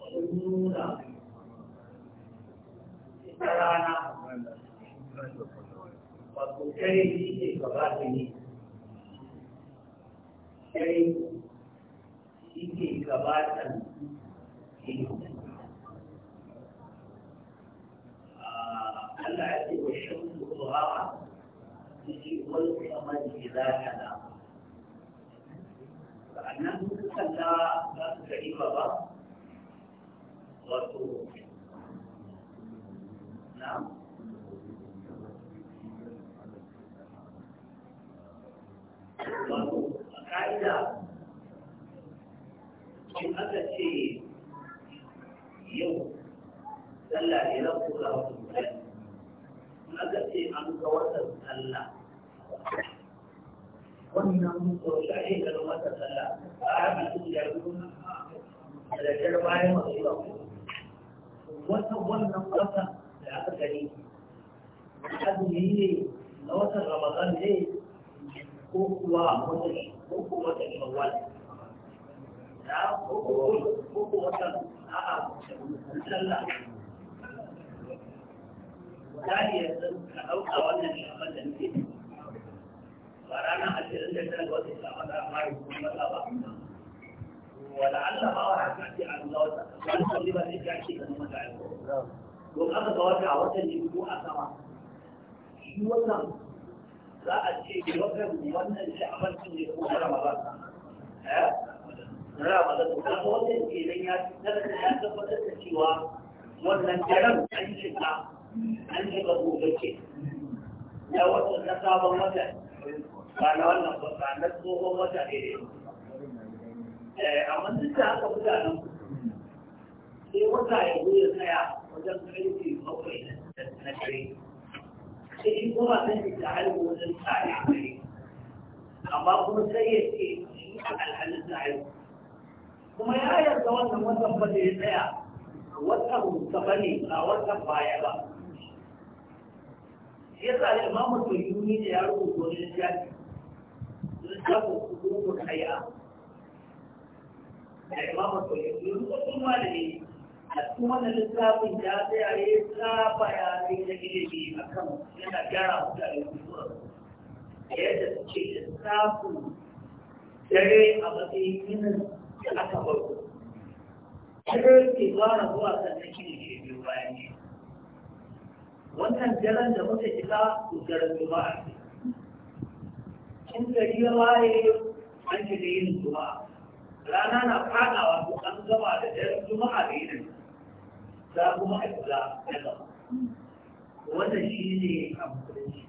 sun nuna ita rana wato kare shi ne gaba da ne kare shi ke ne. Allah ya ce wa shamsu qura'a yace wal qamari idza tala annan dukkan da za su ga riba ba wato na wato a aka ce yau Allah ya rabu aka ce an ga watan sallah wannan ƙoƙari ga wata sallah ba a bisu da ruwa da jar bayan masu ba wata wannan wata da aka gani azumi ne na watan ramadan ne ko kuwa wata ko kuma wata shawwal da ko ko wata a'a sallah zai yanzu ka ɗauka wannan shafan da nake ba ranar ashirin zan tara ga wata shafan da amma yi kuma ba wala Allah ba wa haka ce a an zawo ta wani sauri ba zai ta ce ga nuna kayan ko aka ga wata a watan ne ko a sama shi wannan za a ce watan wannan shafan ne ko ramadan eh? ramadan ko kuma watan ke nan ya tabbatar da cewa wannan daren an shiga an yi ka buɗe na wata na sabon wata ba na wannan ba ba na tsohon wata ne ne amma duk da haka mutanen sai wata ya goya tsaya wajen karfe bakwai na kare sai shi kuma san shi ta haihu wajen tsari a kare amma kuma sai ya ce shi a alhalin ta haihu kuma ya yarda wannan watan ba da ya tsaya watan gaba ne ba watan baya ba yasa al-imamu Suyuni da ya rubuta wani littafi littafin kudurkun hay'a da imamu Suyuni yanzu sun malami a cikin wannan littafin ta tsaya ya saba ya sai da ilimi a kan yana gyara mutane da da yadda suke littafin dare a matsayin yinin da aka barko. Dare ke zuwa zuwa sannan shi ne ke biyu bayan shi. wannan daren da muka shiga daren juma'a in gari ya waye an shiga yin juma'a rana na fadawa ko an gama da daren juma'a da yin za kuma a kula na gaba wannan shi ne a musulunci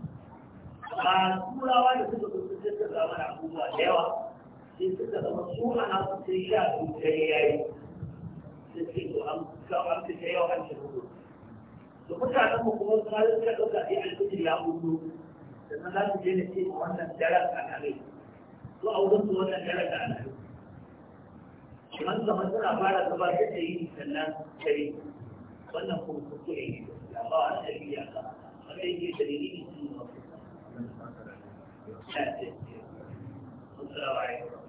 amma turawa da suka zo sun tattara zama na abubuwa da yawa sai suka zama su a nasu sai sha su dare ya yi sai ce ko an kawo an fita yau an shiga to mutanen mu kuma suna da suka ɗauka ɗaya alƙudin ya hudu da na za su je na ce ma wannan daren a kare to a wurin su wannan daren da ana yi man zama suna fara gabatar da yi sannan dare wannan kuma kuskure ne ya ba wa shari'a ya kama wanda yake dalili ne su ne mafi Assalamu alaikum.